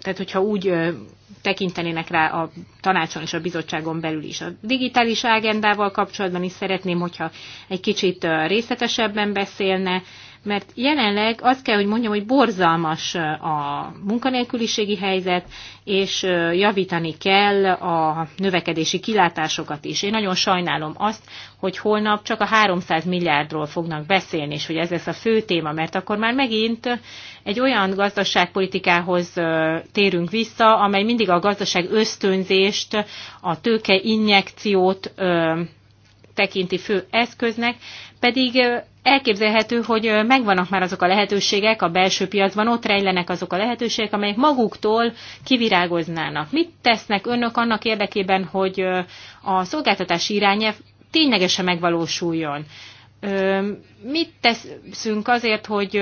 tehát hogyha úgy tekintenének rá a tanácson és a bizottságon belül is. A digitális agendával kapcsolatban is szeretném, hogyha egy kicsit részletesebben beszélne, mert jelenleg azt kell, hogy mondjam, hogy borzalmas a munkanélküliségi helyzet, és javítani kell a növekedési kilátásokat is. Én nagyon sajnálom azt, hogy holnap csak a 300 milliárdról fognak beszélni, és hogy ez lesz a fő téma, mert akkor már megint egy olyan gazdaságpolitikához térünk vissza, amely mindig a gazdaság ösztönzést, a tőke injekciót tekinti fő eszköznek, pedig elképzelhető, hogy megvannak már azok a lehetőségek a belső piacban, ott rejlenek azok a lehetőségek, amelyek maguktól kivirágoznának. Mit tesznek önök annak érdekében, hogy a szolgáltatási irányelv ténylegesen megvalósuljon? Mit teszünk azért, hogy,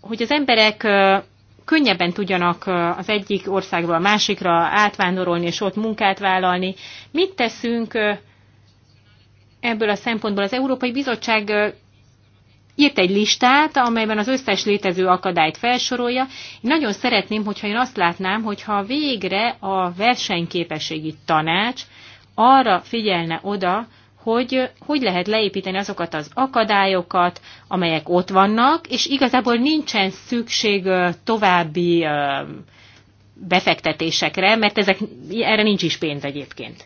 hogy az emberek könnyebben tudjanak az egyik országba a másikra átvándorolni és ott munkát vállalni? Mit teszünk ebből a szempontból az Európai Bizottság írt egy listát, amelyben az összes létező akadályt felsorolja. Én nagyon szeretném, hogyha én azt látnám, hogyha végre a versenyképességi tanács arra figyelne oda, hogy hogy lehet leépíteni azokat az akadályokat, amelyek ott vannak, és igazából nincsen szükség további befektetésekre, mert ezek, erre nincs is pénz egyébként.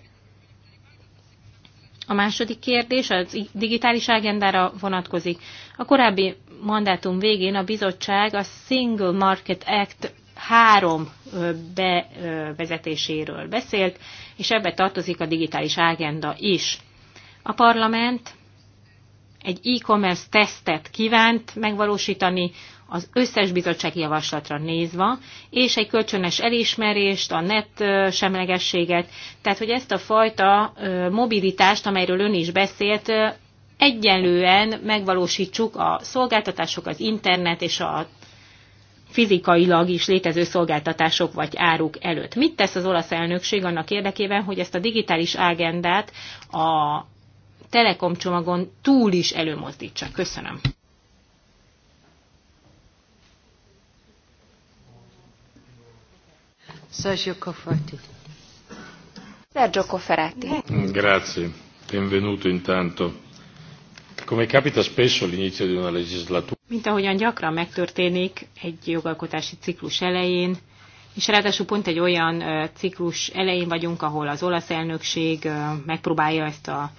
A második kérdés az digitális agendára vonatkozik. A korábbi mandátum végén a bizottság a Single Market Act három bevezetéséről beszélt, és ebbe tartozik a digitális ágenda is. A parlament egy e-commerce tesztet kívánt megvalósítani az összes bizottsági javaslatra nézve, és egy kölcsönös elismerést, a net semlegességet, tehát hogy ezt a fajta mobilitást, amelyről ön is beszélt, egyenlően megvalósítsuk a szolgáltatások, az internet és a fizikailag is létező szolgáltatások vagy áruk előtt. Mit tesz az olasz elnökség annak érdekében, hogy ezt a digitális ágendát a telekom csomagon túl is előmozdítsa? Köszönöm. Sergio Cofferati. Sergio Cofferati. Grazie, benvenuto intanto. Come capita spesso all'inizio di una legislatura. Mint ahogyan gyakran megtörténik egy jogalkotási ciklus elején, és ráadásul pont egy olyan ciklus elején vagyunk, ahol az olasz elnökség megpróbálja ezt a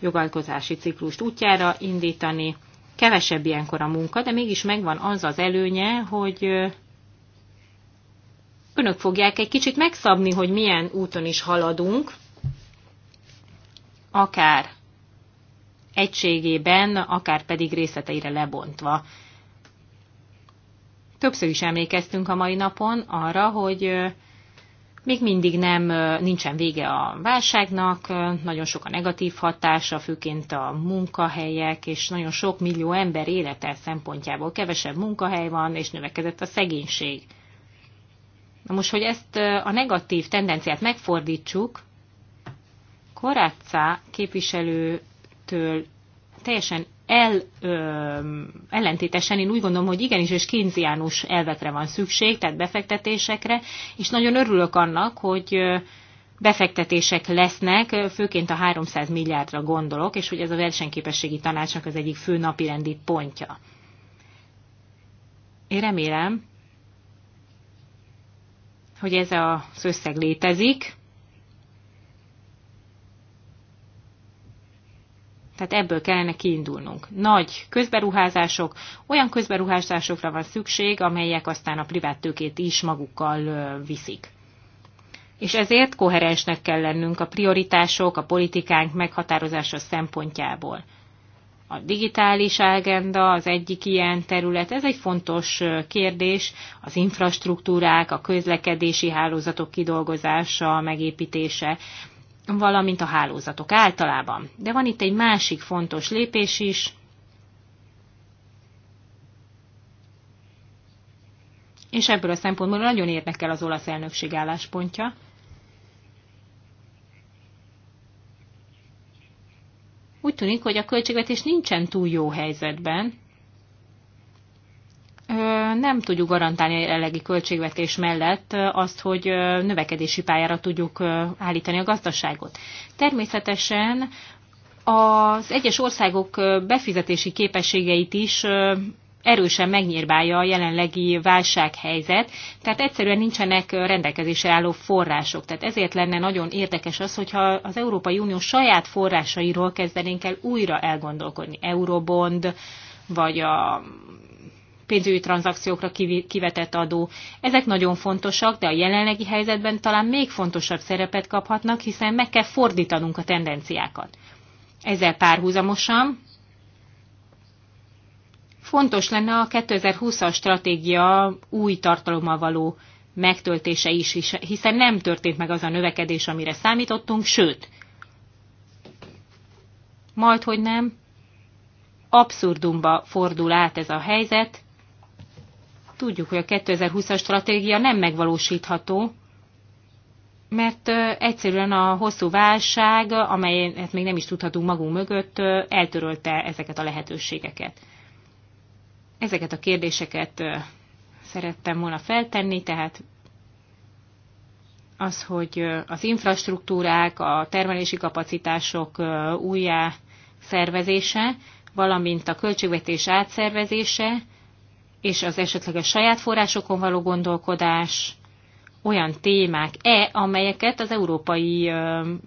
jogalkotási ciklust útjára indítani. Kevesebb ilyenkor a munka, de mégis megvan az az előnye, hogy önök fogják egy kicsit megszabni, hogy milyen úton is haladunk, akár egységében, akár pedig részleteire lebontva. Többször is emlékeztünk a mai napon arra, hogy még mindig nem, nincsen vége a válságnak, nagyon sok a negatív hatása, főként a munkahelyek, és nagyon sok millió ember élete szempontjából kevesebb munkahely van, és növekedett a szegénység. Na most, hogy ezt a negatív tendenciát megfordítsuk, Korácsa képviselőtől teljesen el, ö, ellentétesen én úgy gondolom, hogy igenis és kínziánus elvekre van szükség, tehát befektetésekre, és nagyon örülök annak, hogy befektetések lesznek, főként a 300 milliárdra gondolok, és hogy ez a versenyképességi tanácsnak az egyik fő napirendi pontja. Én remélem, hogy ez az összeg létezik. Tehát ebből kellene kiindulnunk. Nagy közberuházások, olyan közberuházásokra van szükség, amelyek aztán a privát tőkét is magukkal viszik. És ezért koherensnek kell lennünk a prioritások, a politikánk meghatározása szempontjából. A digitális ágenda az egyik ilyen terület, ez egy fontos kérdés, az infrastruktúrák, a közlekedési hálózatok kidolgozása, megépítése, valamint a hálózatok általában. De van itt egy másik fontos lépés is, és ebből a szempontból nagyon érdekel az olasz elnökség álláspontja. tűnik, hogy a költségvetés nincsen túl jó helyzetben. Nem tudjuk garantálni a jelenlegi költségvetés mellett azt, hogy növekedési pályára tudjuk állítani a gazdaságot. Természetesen az egyes országok befizetési képességeit is erősen megnyírbálja a jelenlegi válsághelyzet, tehát egyszerűen nincsenek rendelkezésre álló források. Tehát ezért lenne nagyon érdekes az, hogyha az Európai Unió saját forrásairól kezdenénk el újra elgondolkodni. Eurobond, vagy a pénzügyi tranzakciókra kivetett adó. Ezek nagyon fontosak, de a jelenlegi helyzetben talán még fontosabb szerepet kaphatnak, hiszen meg kell fordítanunk a tendenciákat. Ezzel párhuzamosan fontos lenne a 2020-as stratégia új tartalommal való megtöltése is, hiszen nem történt meg az a növekedés, amire számítottunk, sőt, majd hogy nem, abszurdumba fordul át ez a helyzet. Tudjuk, hogy a 2020-as stratégia nem megvalósítható, mert egyszerűen a hosszú válság, amelyet hát még nem is tudhatunk magunk mögött, eltörölte ezeket a lehetőségeket. Ezeket a kérdéseket szerettem volna feltenni, tehát az, hogy az infrastruktúrák, a termelési kapacitások újjá szervezése, valamint a költségvetés átszervezése, és az esetleges saját forrásokon való gondolkodás olyan témák-e, amelyeket az európai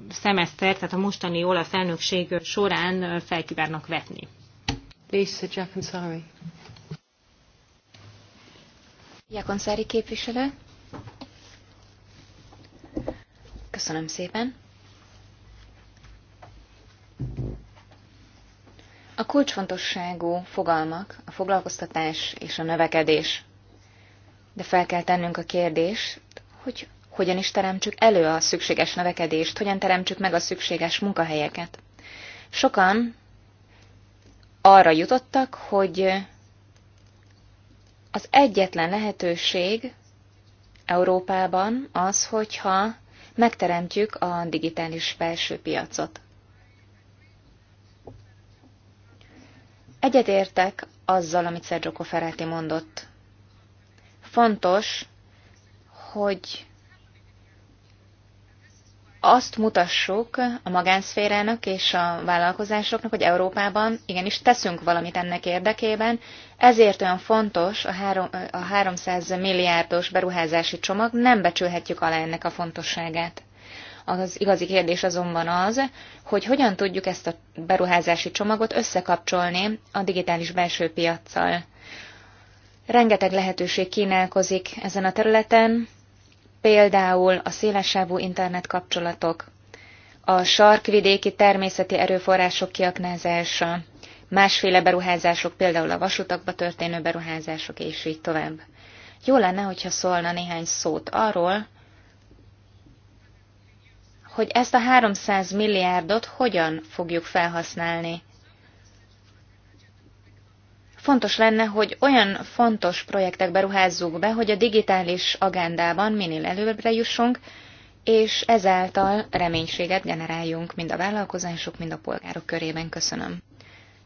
szemeszter, tehát a mostani olasz elnökség során felkívánnak vetni. Lisa Jaconsari. Jakonszári képviselő. Köszönöm szépen. A kulcsfontosságú fogalmak a foglalkoztatás és a növekedés. De fel kell tennünk a kérdést, hogy hogyan is teremtsük elő a szükséges növekedést, hogyan teremtsük meg a szükséges munkahelyeket. Sokan arra jutottak, hogy az egyetlen lehetőség Európában az, hogyha megteremtjük a digitális belső piacot. Egyetértek azzal, amit Sergio Cofferati mondott. Fontos, hogy azt mutassuk a magánszférának és a vállalkozásoknak, hogy Európában igenis teszünk valamit ennek érdekében, ezért olyan fontos a, három, a 300 milliárdos beruházási csomag, nem becsülhetjük alá ennek a fontosságát. Az igazi kérdés azonban az, hogy hogyan tudjuk ezt a beruházási csomagot összekapcsolni a digitális belső piaccal. Rengeteg lehetőség kínálkozik ezen a területen, például a szélesávú internetkapcsolatok, a sarkvidéki természeti erőforrások kiaknázása, másféle beruházások, például a vasutakba történő beruházások, és így tovább. Jó lenne, hogyha szólna néhány szót arról, hogy ezt a 300 milliárdot hogyan fogjuk felhasználni. Fontos lenne, hogy olyan fontos projektekbe ruházzuk be, hogy a digitális agendában minél előbbre jussunk, és ezáltal reménységet generáljunk mind a vállalkozások, mind a polgárok körében. Köszönöm.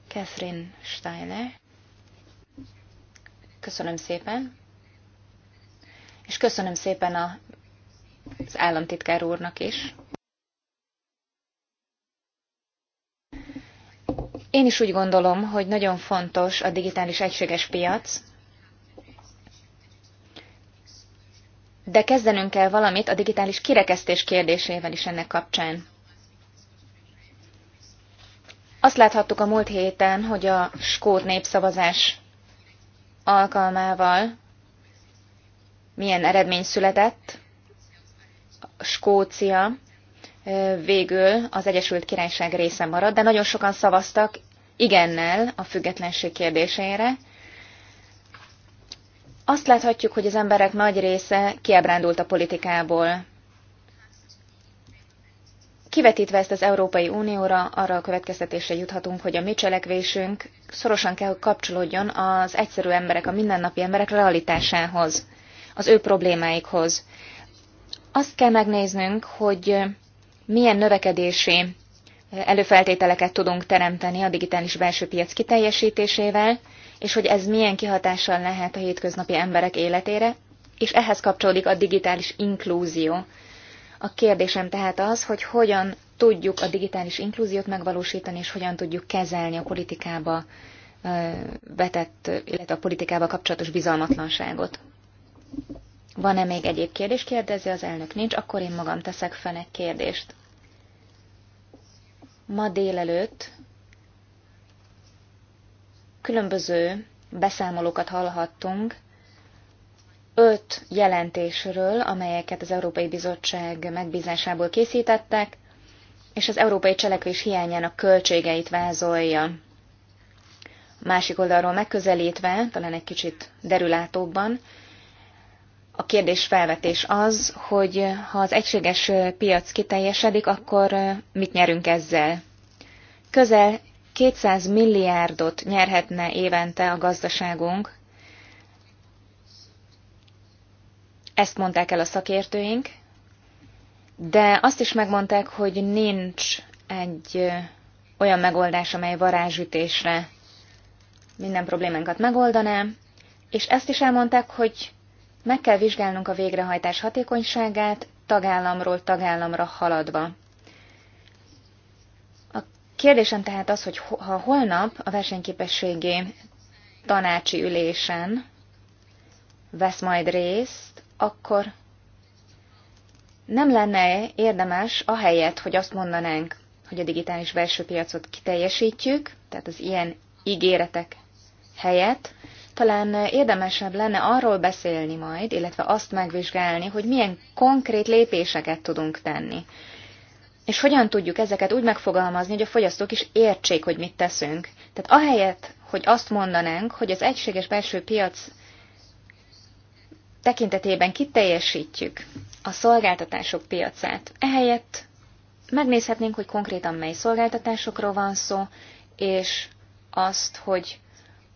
Catherine Steiner. Köszönöm szépen. És köszönöm szépen a, az államtitkár úrnak is. Én is úgy gondolom, hogy nagyon fontos a digitális egységes piac, de kezdenünk kell valamit a digitális kirekesztés kérdésével is ennek kapcsán. Azt láthattuk a múlt héten, hogy a skót népszavazás alkalmával milyen eredmény született. Skócia végül az Egyesült Királyság része marad, de nagyon sokan szavaztak igennel a függetlenség kérdésére. Azt láthatjuk, hogy az emberek nagy része kiábrándult a politikából. Kivetítve ezt az Európai Unióra, arra a következtetésre juthatunk, hogy a mi cselekvésünk szorosan kell, hogy kapcsolódjon az egyszerű emberek, a mindennapi emberek realitásához, az ő problémáikhoz. Azt kell megnéznünk, hogy milyen növekedési előfeltételeket tudunk teremteni a digitális belső piac kiteljesítésével, és hogy ez milyen kihatással lehet a hétköznapi emberek életére, és ehhez kapcsolódik a digitális inklúzió. A kérdésem tehát az, hogy hogyan tudjuk a digitális inklúziót megvalósítani, és hogyan tudjuk kezelni a politikába vetett, illetve a politikába kapcsolatos bizalmatlanságot. Van-e még egyéb kérdés? Kérdezi az elnök. Nincs, akkor én magam teszek fel egy kérdést. Ma délelőtt különböző beszámolókat hallhattunk öt jelentésről, amelyeket az Európai Bizottság megbízásából készítettek, és az európai cselekvés hiányának költségeit vázolja. Másik oldalról megközelítve, talán egy kicsit derülátóbban, a kérdés felvetés az, hogy ha az egységes piac kiteljesedik, akkor mit nyerünk ezzel? Közel 200 milliárdot nyerhetne évente a gazdaságunk. Ezt mondták el a szakértőink, de azt is megmondták, hogy nincs egy olyan megoldás, amely varázsütésre minden problémánkat megoldaná, és ezt is elmondták, hogy meg kell vizsgálnunk a végrehajtás hatékonyságát, tagállamról tagállamra haladva. A kérdésem tehát az, hogy ha holnap a versenyképességi tanácsi ülésen vesz majd részt, akkor nem lenne érdemes, ahelyett, hogy azt mondanánk, hogy a digitális belső piacot kiteljesítjük, tehát az ilyen ígéretek helyett, talán érdemesebb lenne arról beszélni majd, illetve azt megvizsgálni, hogy milyen konkrét lépéseket tudunk tenni. És hogyan tudjuk ezeket úgy megfogalmazni, hogy a fogyasztók is értsék, hogy mit teszünk. Tehát ahelyett, hogy azt mondanánk, hogy az egységes belső piac tekintetében kiteljesítjük a szolgáltatások piacát, ehelyett megnézhetnénk, hogy konkrétan mely szolgáltatásokról van szó, és azt, hogy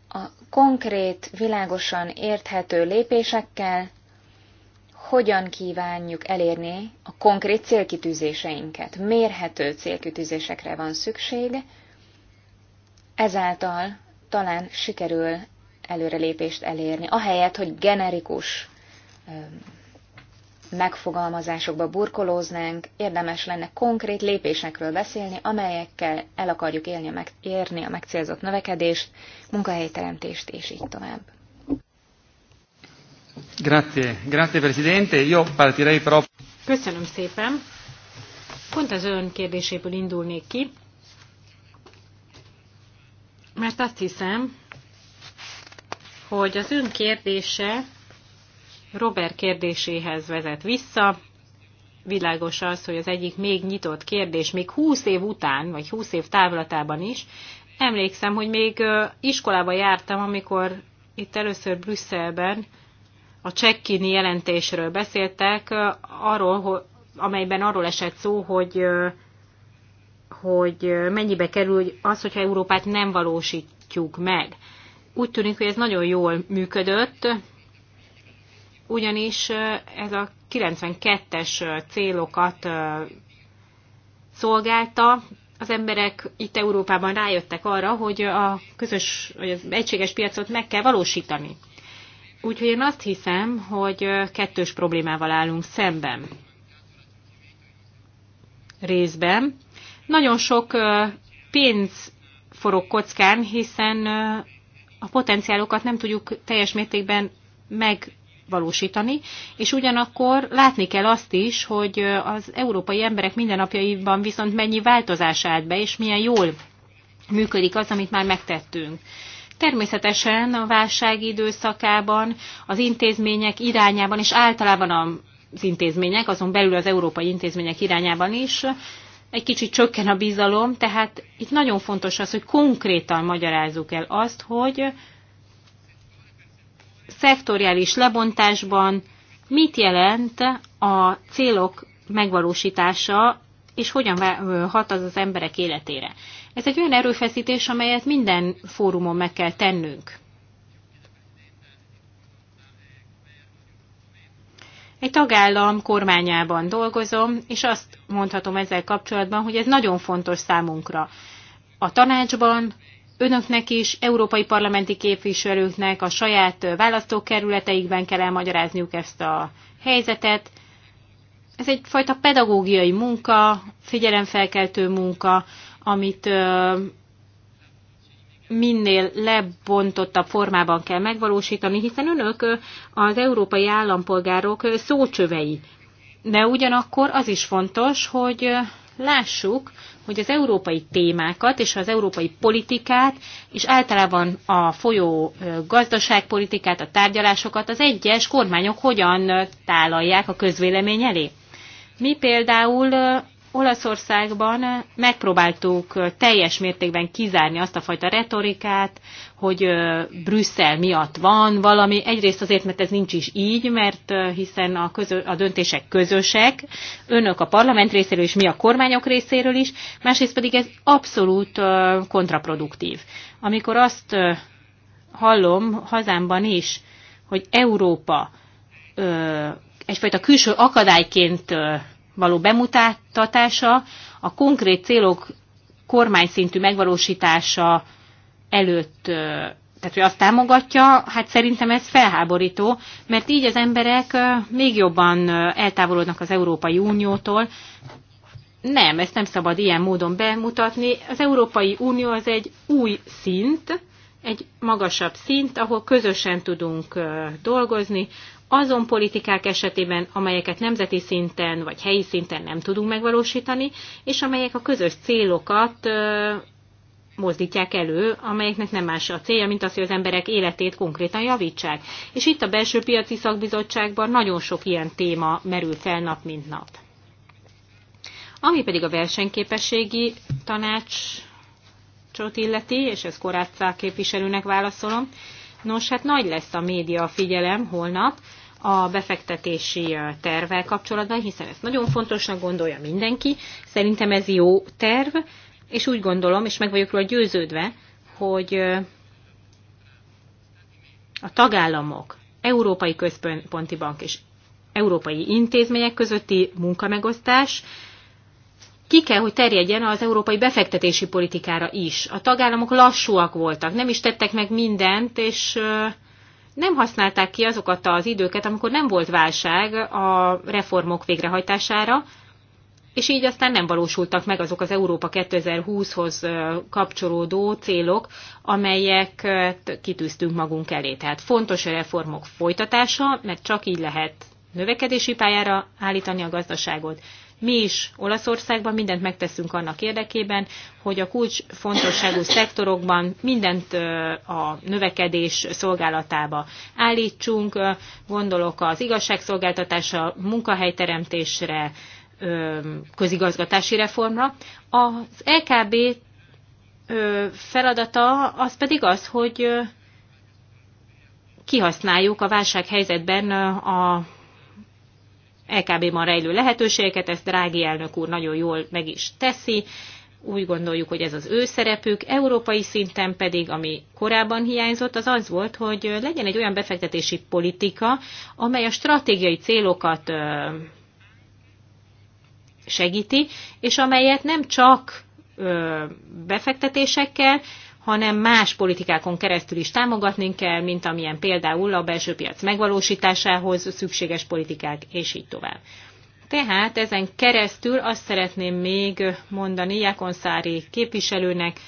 a konkrét, világosan érthető lépésekkel hogyan kívánjuk elérni a konkrét célkitűzéseinket. Mérhető célkitűzésekre van szükség, ezáltal talán sikerül előrelépést elérni, ahelyett, hogy generikus megfogalmazásokba burkolóznánk, érdemes lenne konkrét lépésekről beszélni, amelyekkel el akarjuk élni a meg, érni a megcélzott növekedést, munkahelyteremtést és így tovább. Grazie, grazie Presidente. Io partirei però... Köszönöm szépen. Pont az ön kérdéséből indulnék ki, mert azt hiszem, hogy az ön kérdése Robert kérdéséhez vezet vissza. Világos az, hogy az egyik még nyitott kérdés, még 20 év után, vagy 20 év távlatában is, emlékszem, hogy még iskolába jártam, amikor itt először Brüsszelben a csekkini jelentésről beszéltek, arról, amelyben arról esett szó, hogy, hogy mennyibe kerül az, hogyha Európát nem valósítjuk meg. Úgy tűnik, hogy ez nagyon jól működött, ugyanis ez a 92-es célokat szolgálta. Az emberek itt Európában rájöttek arra, hogy a közös, vagy az egységes piacot meg kell valósítani. Úgyhogy én azt hiszem, hogy kettős problémával állunk szemben. Részben. Nagyon sok pénz forog kockán, hiszen a potenciálokat nem tudjuk teljes mértékben meg valósítani, és ugyanakkor látni kell azt is, hogy az európai emberek mindennapjaiban viszont mennyi változás állt be, és milyen jól működik az, amit már megtettünk. Természetesen a válság időszakában, az intézmények irányában, és általában az intézmények, azon belül az európai intézmények irányában is, egy kicsit csökken a bizalom, tehát itt nagyon fontos az, hogy konkrétan magyarázzuk el azt, hogy szektoriális lebontásban mit jelent a célok megvalósítása, és hogyan hat az az emberek életére. Ez egy olyan erőfeszítés, amelyet minden fórumon meg kell tennünk. Egy tagállam kormányában dolgozom, és azt mondhatom ezzel kapcsolatban, hogy ez nagyon fontos számunkra. A tanácsban, önöknek is, európai parlamenti képviselőknek a saját választókerületeikben kell elmagyarázniuk ezt a helyzetet. Ez egyfajta pedagógiai munka, figyelemfelkeltő munka, amit minél lebontottabb formában kell megvalósítani, hiszen önök az európai állampolgárok szócsövei. De ugyanakkor az is fontos, hogy lássuk, hogy az európai témákat és az európai politikát, és általában a folyó gazdaságpolitikát, a tárgyalásokat az egyes kormányok hogyan tálalják a közvélemény elé. Mi például Olaszországban megpróbáltuk teljes mértékben kizárni azt a fajta retorikát, hogy Brüsszel miatt van valami. Egyrészt azért, mert ez nincs is így, mert hiszen a, közö, a döntések közösek, önök a parlament részéről is, mi a kormányok részéről is, másrészt pedig ez abszolút kontraproduktív. Amikor azt hallom hazámban is, hogy Európa egyfajta külső akadályként való bemutatása, a konkrét célok kormányszintű megvalósítása előtt, tehát hogy azt támogatja, hát szerintem ez felháborító, mert így az emberek még jobban eltávolodnak az Európai Uniótól. Nem, ezt nem szabad ilyen módon bemutatni. Az Európai Unió az egy új szint, egy magasabb szint, ahol közösen tudunk dolgozni, azon politikák esetében, amelyeket nemzeti szinten vagy helyi szinten nem tudunk megvalósítani, és amelyek a közös célokat mozdítják elő, amelyeknek nem más a célja, mint az, hogy az emberek életét konkrétan javítsák. És itt a belső piaci szakbizottságban nagyon sok ilyen téma merül fel nap mint nap. Ami pedig a versenyképességi tanácsot illeti, és ez Korácá képviselőnek válaszolom, nos, hát nagy lesz a média figyelem holnap a befektetési tervvel kapcsolatban, hiszen ezt nagyon fontosnak gondolja mindenki. Szerintem ez jó terv, és úgy gondolom, és meg vagyok róla győződve, hogy a tagállamok, Európai Központi Bank és európai intézmények közötti munkamegosztás ki kell, hogy terjedjen az európai befektetési politikára is. A tagállamok lassúak voltak, nem is tettek meg mindent, és nem használták ki azokat az időket, amikor nem volt válság a reformok végrehajtására, és így aztán nem valósultak meg azok az Európa 2020-hoz kapcsolódó célok, amelyek kitűztünk magunk elé. Tehát fontos a reformok folytatása, mert csak így lehet növekedési pályára állítani a gazdaságot. Mi is Olaszországban mindent megteszünk annak érdekében, hogy a kulcs fontosságú szektorokban mindent a növekedés szolgálatába állítsunk. Gondolok az igazságszolgáltatásra, munkahelyteremtésre, közigazgatási reformra. Az LKB e feladata az pedig az, hogy kihasználjuk a válsághelyzetben a LKB-ban e rejlő lehetőségeket, ezt Drági elnök úr nagyon jól meg is teszi, úgy gondoljuk, hogy ez az ő szerepük, európai szinten pedig, ami korábban hiányzott, az az volt, hogy legyen egy olyan befektetési politika, amely a stratégiai célokat segíti, és amelyet nem csak befektetésekkel, hanem más politikákon keresztül is támogatni kell, mint amilyen például a belső piac megvalósításához szükséges politikák, és így tovább. Tehát ezen keresztül azt szeretném még mondani Jákonszári képviselőnek,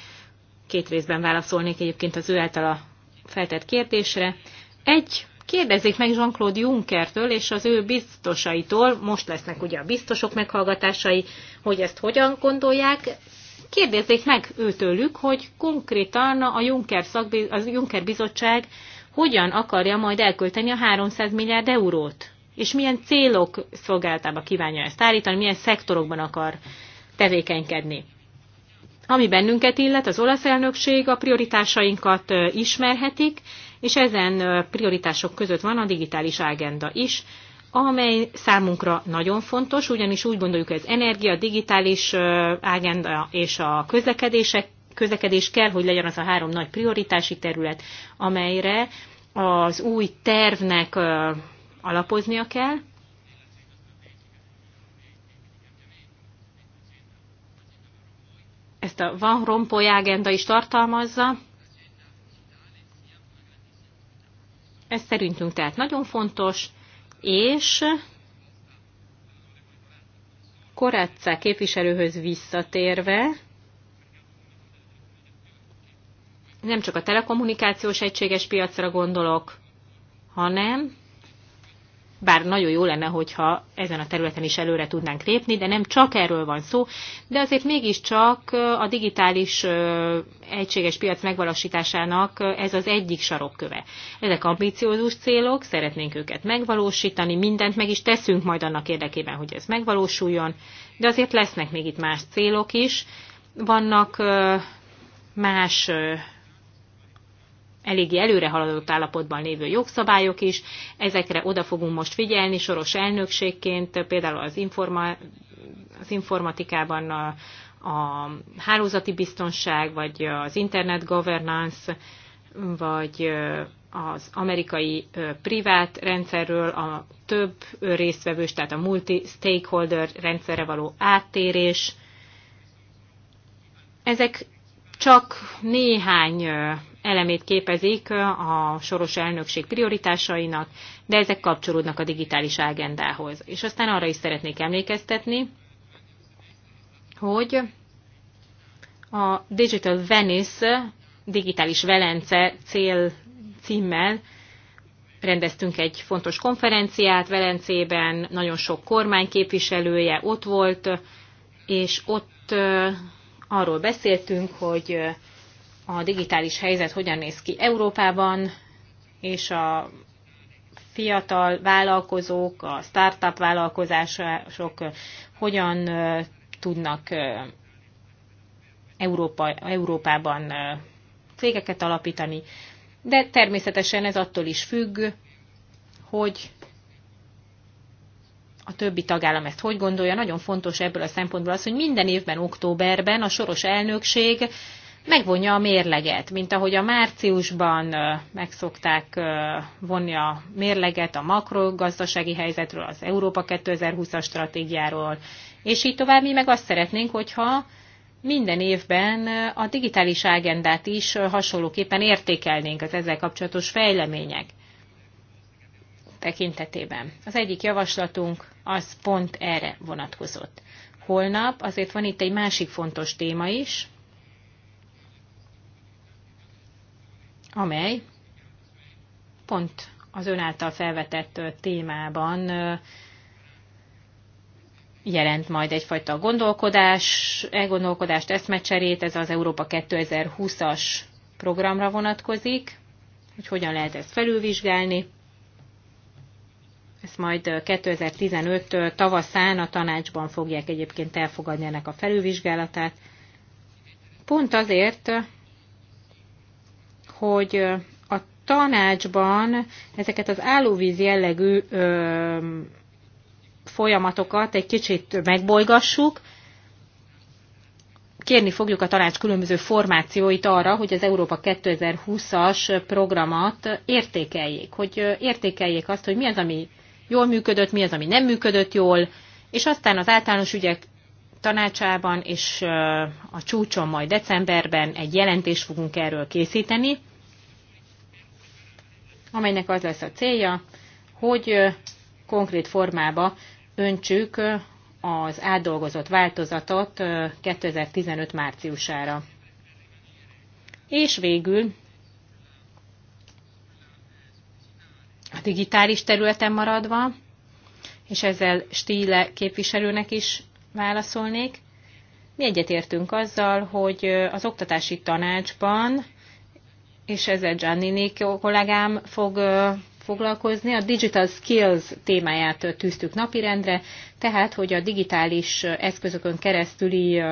két részben válaszolnék egyébként az ő a feltett kérdésre. Egy Kérdezzék meg Jean-Claude Junckertől és az ő biztosaitól, most lesznek ugye a biztosok meghallgatásai, hogy ezt hogyan gondolják. Kérdezzék meg őtőlük, hogy konkrétan a Juncker, szakbiz, az Juncker bizottság hogyan akarja majd elkölteni a 300 milliárd eurót, és milyen célok szolgáltába kívánja ezt állítani, milyen szektorokban akar tevékenykedni. Ami bennünket illet, az olasz elnökség a prioritásainkat ismerhetik, és ezen prioritások között van a digitális ágenda is, amely számunkra nagyon fontos, ugyanis úgy gondoljuk, hogy az energia, a digitális ágenda és a közlekedések, közlekedés kell, hogy legyen az a három nagy prioritási terület, amelyre az új tervnek alapoznia kell, ezt a Van Rompuy agenda is tartalmazza, Ez szerintünk tehát nagyon fontos, és Korácsa képviselőhöz visszatérve, nem csak a telekommunikációs egységes piacra gondolok, hanem bár nagyon jó lenne, hogyha ezen a területen is előre tudnánk lépni, de nem csak erről van szó, de azért mégiscsak a digitális egységes piac megvalósításának ez az egyik sarokköve. Ezek ambiciózus célok, szeretnénk őket megvalósítani, mindent meg is teszünk majd annak érdekében, hogy ez megvalósuljon, de azért lesznek még itt más célok is, vannak más eléggé előre haladott állapotban lévő jogszabályok is. Ezekre oda fogunk most figyelni soros elnökségként, például az, informa, az informatikában a, a hálózati biztonság, vagy az internet governance, vagy az amerikai privát rendszerről a több résztvevős, tehát a multi-stakeholder rendszerre való áttérés. Ezek csak néhány elemét képezik a soros elnökség prioritásainak, de ezek kapcsolódnak a digitális agendához. És aztán arra is szeretnék emlékeztetni, hogy a Digital Venice digitális Velence cél címmel rendeztünk egy fontos konferenciát Velencében, nagyon sok kormány képviselője ott volt, és ott arról beszéltünk, hogy a digitális helyzet hogyan néz ki Európában, és a fiatal vállalkozók, a startup vállalkozások hogyan tudnak Európa, Európában cégeket alapítani, de természetesen ez attól is függ, hogy a többi tagállam ezt hogy gondolja. Nagyon fontos ebből a szempontból az, hogy minden évben októberben a soros elnökség megvonja a mérleget, mint ahogy a márciusban megszokták vonni a mérleget a makrogazdasági helyzetről, az Európa 2020-as stratégiáról, és így tovább mi meg azt szeretnénk, hogyha minden évben a digitális agendát is hasonlóképpen értékelnénk az ezzel kapcsolatos fejlemények tekintetében. Az egyik javaslatunk az pont erre vonatkozott. Holnap azért van itt egy másik fontos téma is, amely pont az ön által felvetett témában jelent majd egyfajta gondolkodás, elgondolkodást, eszmecserét, ez az Európa 2020-as programra vonatkozik, hogy hogyan lehet ezt felülvizsgálni. Ezt majd 2015 tavaszán a tanácsban fogják egyébként elfogadni ennek a felülvizsgálatát. Pont azért, hogy a tanácsban ezeket az állóvíz jellegű ö, folyamatokat egy kicsit megbolygassuk, kérni fogjuk a tanács különböző formációit arra, hogy az Európa 2020-as programot értékeljék, hogy értékeljék azt, hogy mi az, ami jól működött, mi az, ami nem működött jól, és aztán az általános ügyek tanácsában és a csúcson majd decemberben egy jelentést fogunk erről készíteni, amelynek az lesz a célja, hogy konkrét formába öntsük az átdolgozott változatot 2015 márciusára. És végül a digitális területen maradva, és ezzel stíle képviselőnek is válaszolnék, mi egyetértünk azzal, hogy az oktatási tanácsban és ezzel Giannini kollégám fog foglalkozni. A Digital Skills témáját tűztük napirendre, tehát hogy a digitális eszközökön keresztüli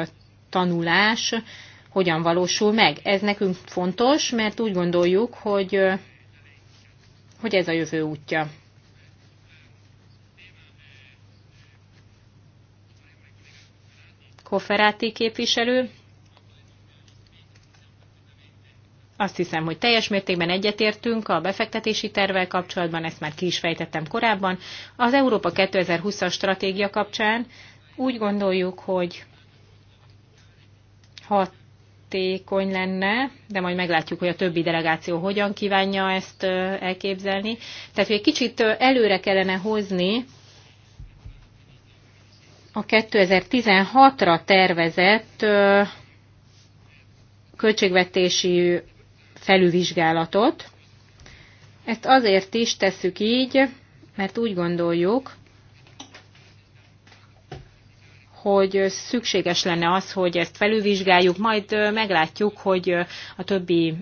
tanulás hogyan valósul meg. Ez nekünk fontos, mert úgy gondoljuk, hogy, hogy ez a jövő útja. Koferáti képviselő. Azt hiszem, hogy teljes mértékben egyetértünk a befektetési tervvel kapcsolatban, ezt már ki is fejtettem korábban. Az Európa 2020-as stratégia kapcsán úgy gondoljuk, hogy hatékony lenne, de majd meglátjuk, hogy a többi delegáció hogyan kívánja ezt elképzelni. Tehát, hogy egy kicsit előre kellene hozni a 2016-ra tervezett költségvetési felülvizsgálatot. Ezt azért is tesszük így, mert úgy gondoljuk, hogy szükséges lenne az, hogy ezt felülvizsgáljuk, majd meglátjuk, hogy a többi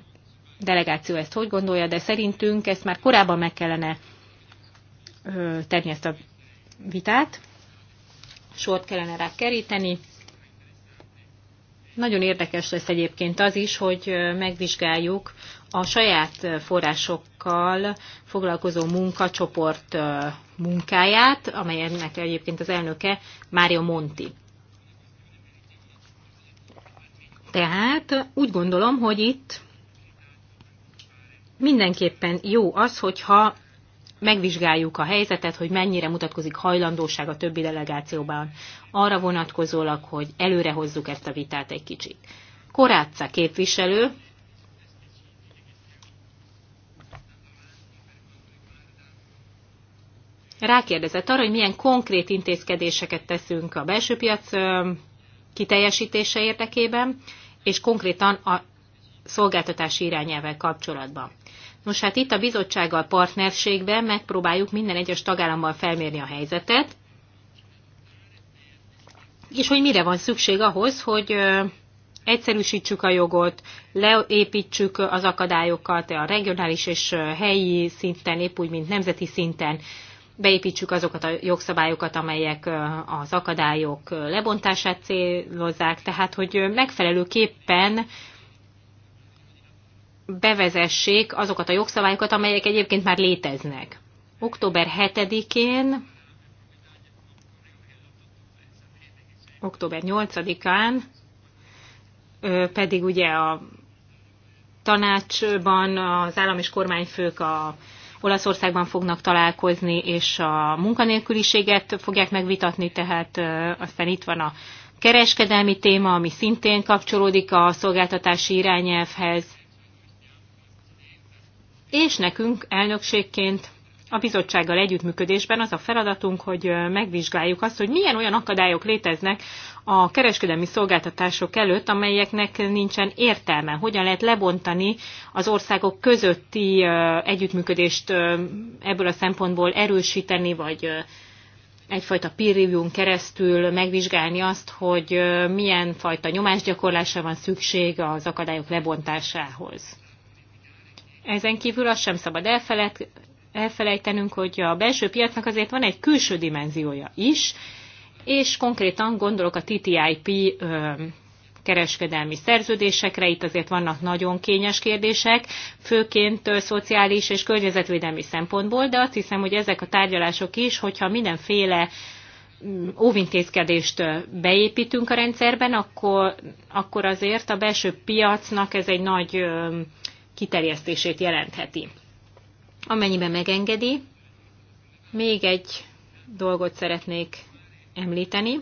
delegáció ezt hogy gondolja, de szerintünk ezt már korábban meg kellene tenni ezt a vitát, sort kellene rá keríteni, nagyon érdekes lesz egyébként az is, hogy megvizsgáljuk a saját forrásokkal foglalkozó munkacsoport munkáját, amelynek egyébként az elnöke Mário Monti. Tehát úgy gondolom, hogy itt mindenképpen jó az, hogyha megvizsgáljuk a helyzetet, hogy mennyire mutatkozik hajlandóság a többi delegációban arra vonatkozólag, hogy előre hozzuk ezt a vitát egy kicsit. Korácsa képviselő, rákérdezett arra, hogy milyen konkrét intézkedéseket teszünk a belső piac kiteljesítése érdekében, és konkrétan a szolgáltatási irányelvel kapcsolatban. Nos hát itt a bizottsággal partnerségben megpróbáljuk minden egyes tagállammal felmérni a helyzetet, és hogy mire van szükség ahhoz, hogy egyszerűsítsük a jogot, leépítsük az akadályokat a regionális és helyi szinten, épp úgy, mint nemzeti szinten, beépítsük azokat a jogszabályokat, amelyek az akadályok lebontását célozzák, tehát hogy megfelelőképpen bevezessék azokat a jogszabályokat, amelyek egyébként már léteznek. Október 7-én, október 8-án pedig ugye a tanácsban az állam és kormányfők a Olaszországban fognak találkozni, és a munkanélküliséget fogják megvitatni, tehát aztán itt van a kereskedelmi téma, ami szintén kapcsolódik a szolgáltatási irányelvhez és nekünk elnökségként a bizottsággal együttműködésben az a feladatunk, hogy megvizsgáljuk azt, hogy milyen olyan akadályok léteznek a kereskedelmi szolgáltatások előtt, amelyeknek nincsen értelme. Hogyan lehet lebontani az országok közötti együttműködést ebből a szempontból erősíteni, vagy egyfajta peer review keresztül megvizsgálni azt, hogy milyen fajta nyomásgyakorlásra van szükség az akadályok lebontásához. Ezen kívül azt sem szabad elfelejt, elfelejtenünk, hogy a belső piacnak azért van egy külső dimenziója is, és konkrétan gondolok a TTIP kereskedelmi szerződésekre. Itt azért vannak nagyon kényes kérdések, főként szociális és környezetvédelmi szempontból, de azt hiszem, hogy ezek a tárgyalások is, hogyha mindenféle mm, óvintézkedést beépítünk a rendszerben, akkor, akkor azért a belső piacnak ez egy nagy kiterjesztését jelentheti. Amennyiben megengedi, még egy dolgot szeretnék említeni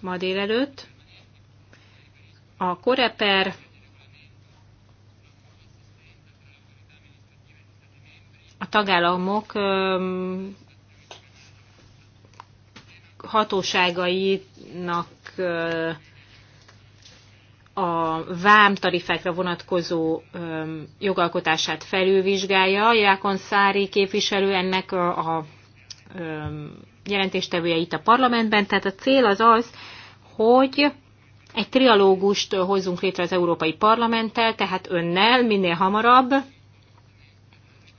ma délelőtt. A Koreper a tagállamok hatóságainak a vám tarifákra vonatkozó jogalkotását felülvizsgálja. Jákon Szári képviselő ennek a, a jelentéstevője itt a parlamentben. Tehát a cél az az, hogy egy trialógust hozzunk létre az Európai Parlamenttel, tehát önnel minél hamarabb,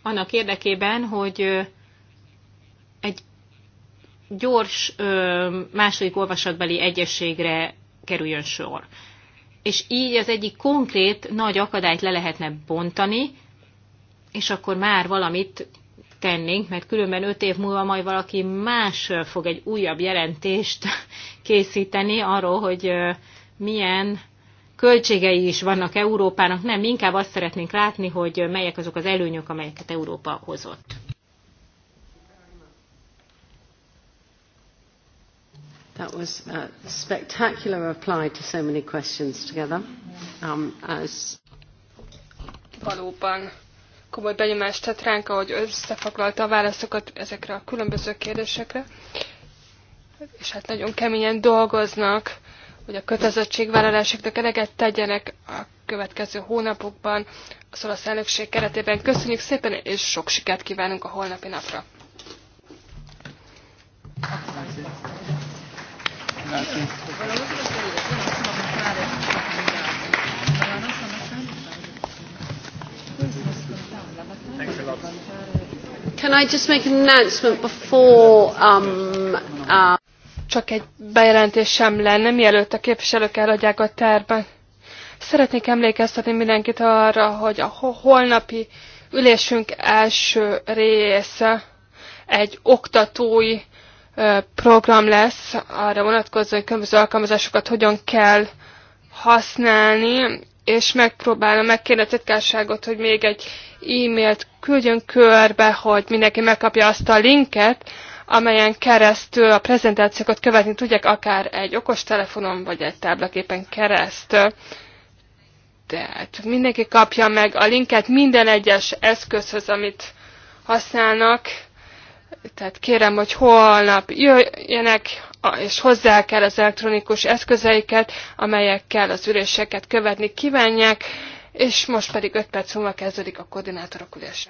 annak érdekében, hogy egy gyors második olvasatbeli egyességre kerüljön sor és így az egyik konkrét nagy akadályt le lehetne bontani, és akkor már valamit tennénk, mert különben öt év múlva majd valaki más fog egy újabb jelentést készíteni arról, hogy milyen költségei is vannak Európának. Nem, inkább azt szeretnénk látni, hogy melyek azok az előnyök, amelyeket Európa hozott. That was a uh, spectacular reply to so many questions together. Um, as... Valóban komoly benyomást tett ránk, ahogy összefoglalta a válaszokat ezekre a különböző kérdésekre. És hát nagyon keményen dolgoznak, hogy a kötelezettségvállalásoknak eleget tegyenek a következő hónapokban az szolasz elnökség keretében. Köszönjük szépen, és sok sikert kívánunk a holnapi napra! Can I just make an announcement before um, uh... Csak egy bejelentés sem lenne, mielőtt a képviselők eladják a terben. Szeretnék emlékeztetni mindenkit arra, hogy a holnapi ülésünk első része egy oktatói program lesz arra vonatkozó, hogy különböző alkalmazásokat hogyan kell használni, és megpróbálom megkérni a titkárságot, hogy még egy e-mailt küldjön körbe, hogy mindenki megkapja azt a linket, amelyen keresztül a prezentációkat követni tudják, akár egy okostelefonon, vagy egy táblaképen keresztül. Tehát mindenki kapja meg a linket minden egyes eszközhöz, amit használnak, tehát kérem, hogy holnap jöjjenek, és hozzá kell az elektronikus eszközeiket, amelyekkel az üléseket követni kívánják, és most pedig 5 perc múlva kezdődik a koordinátorok ülése.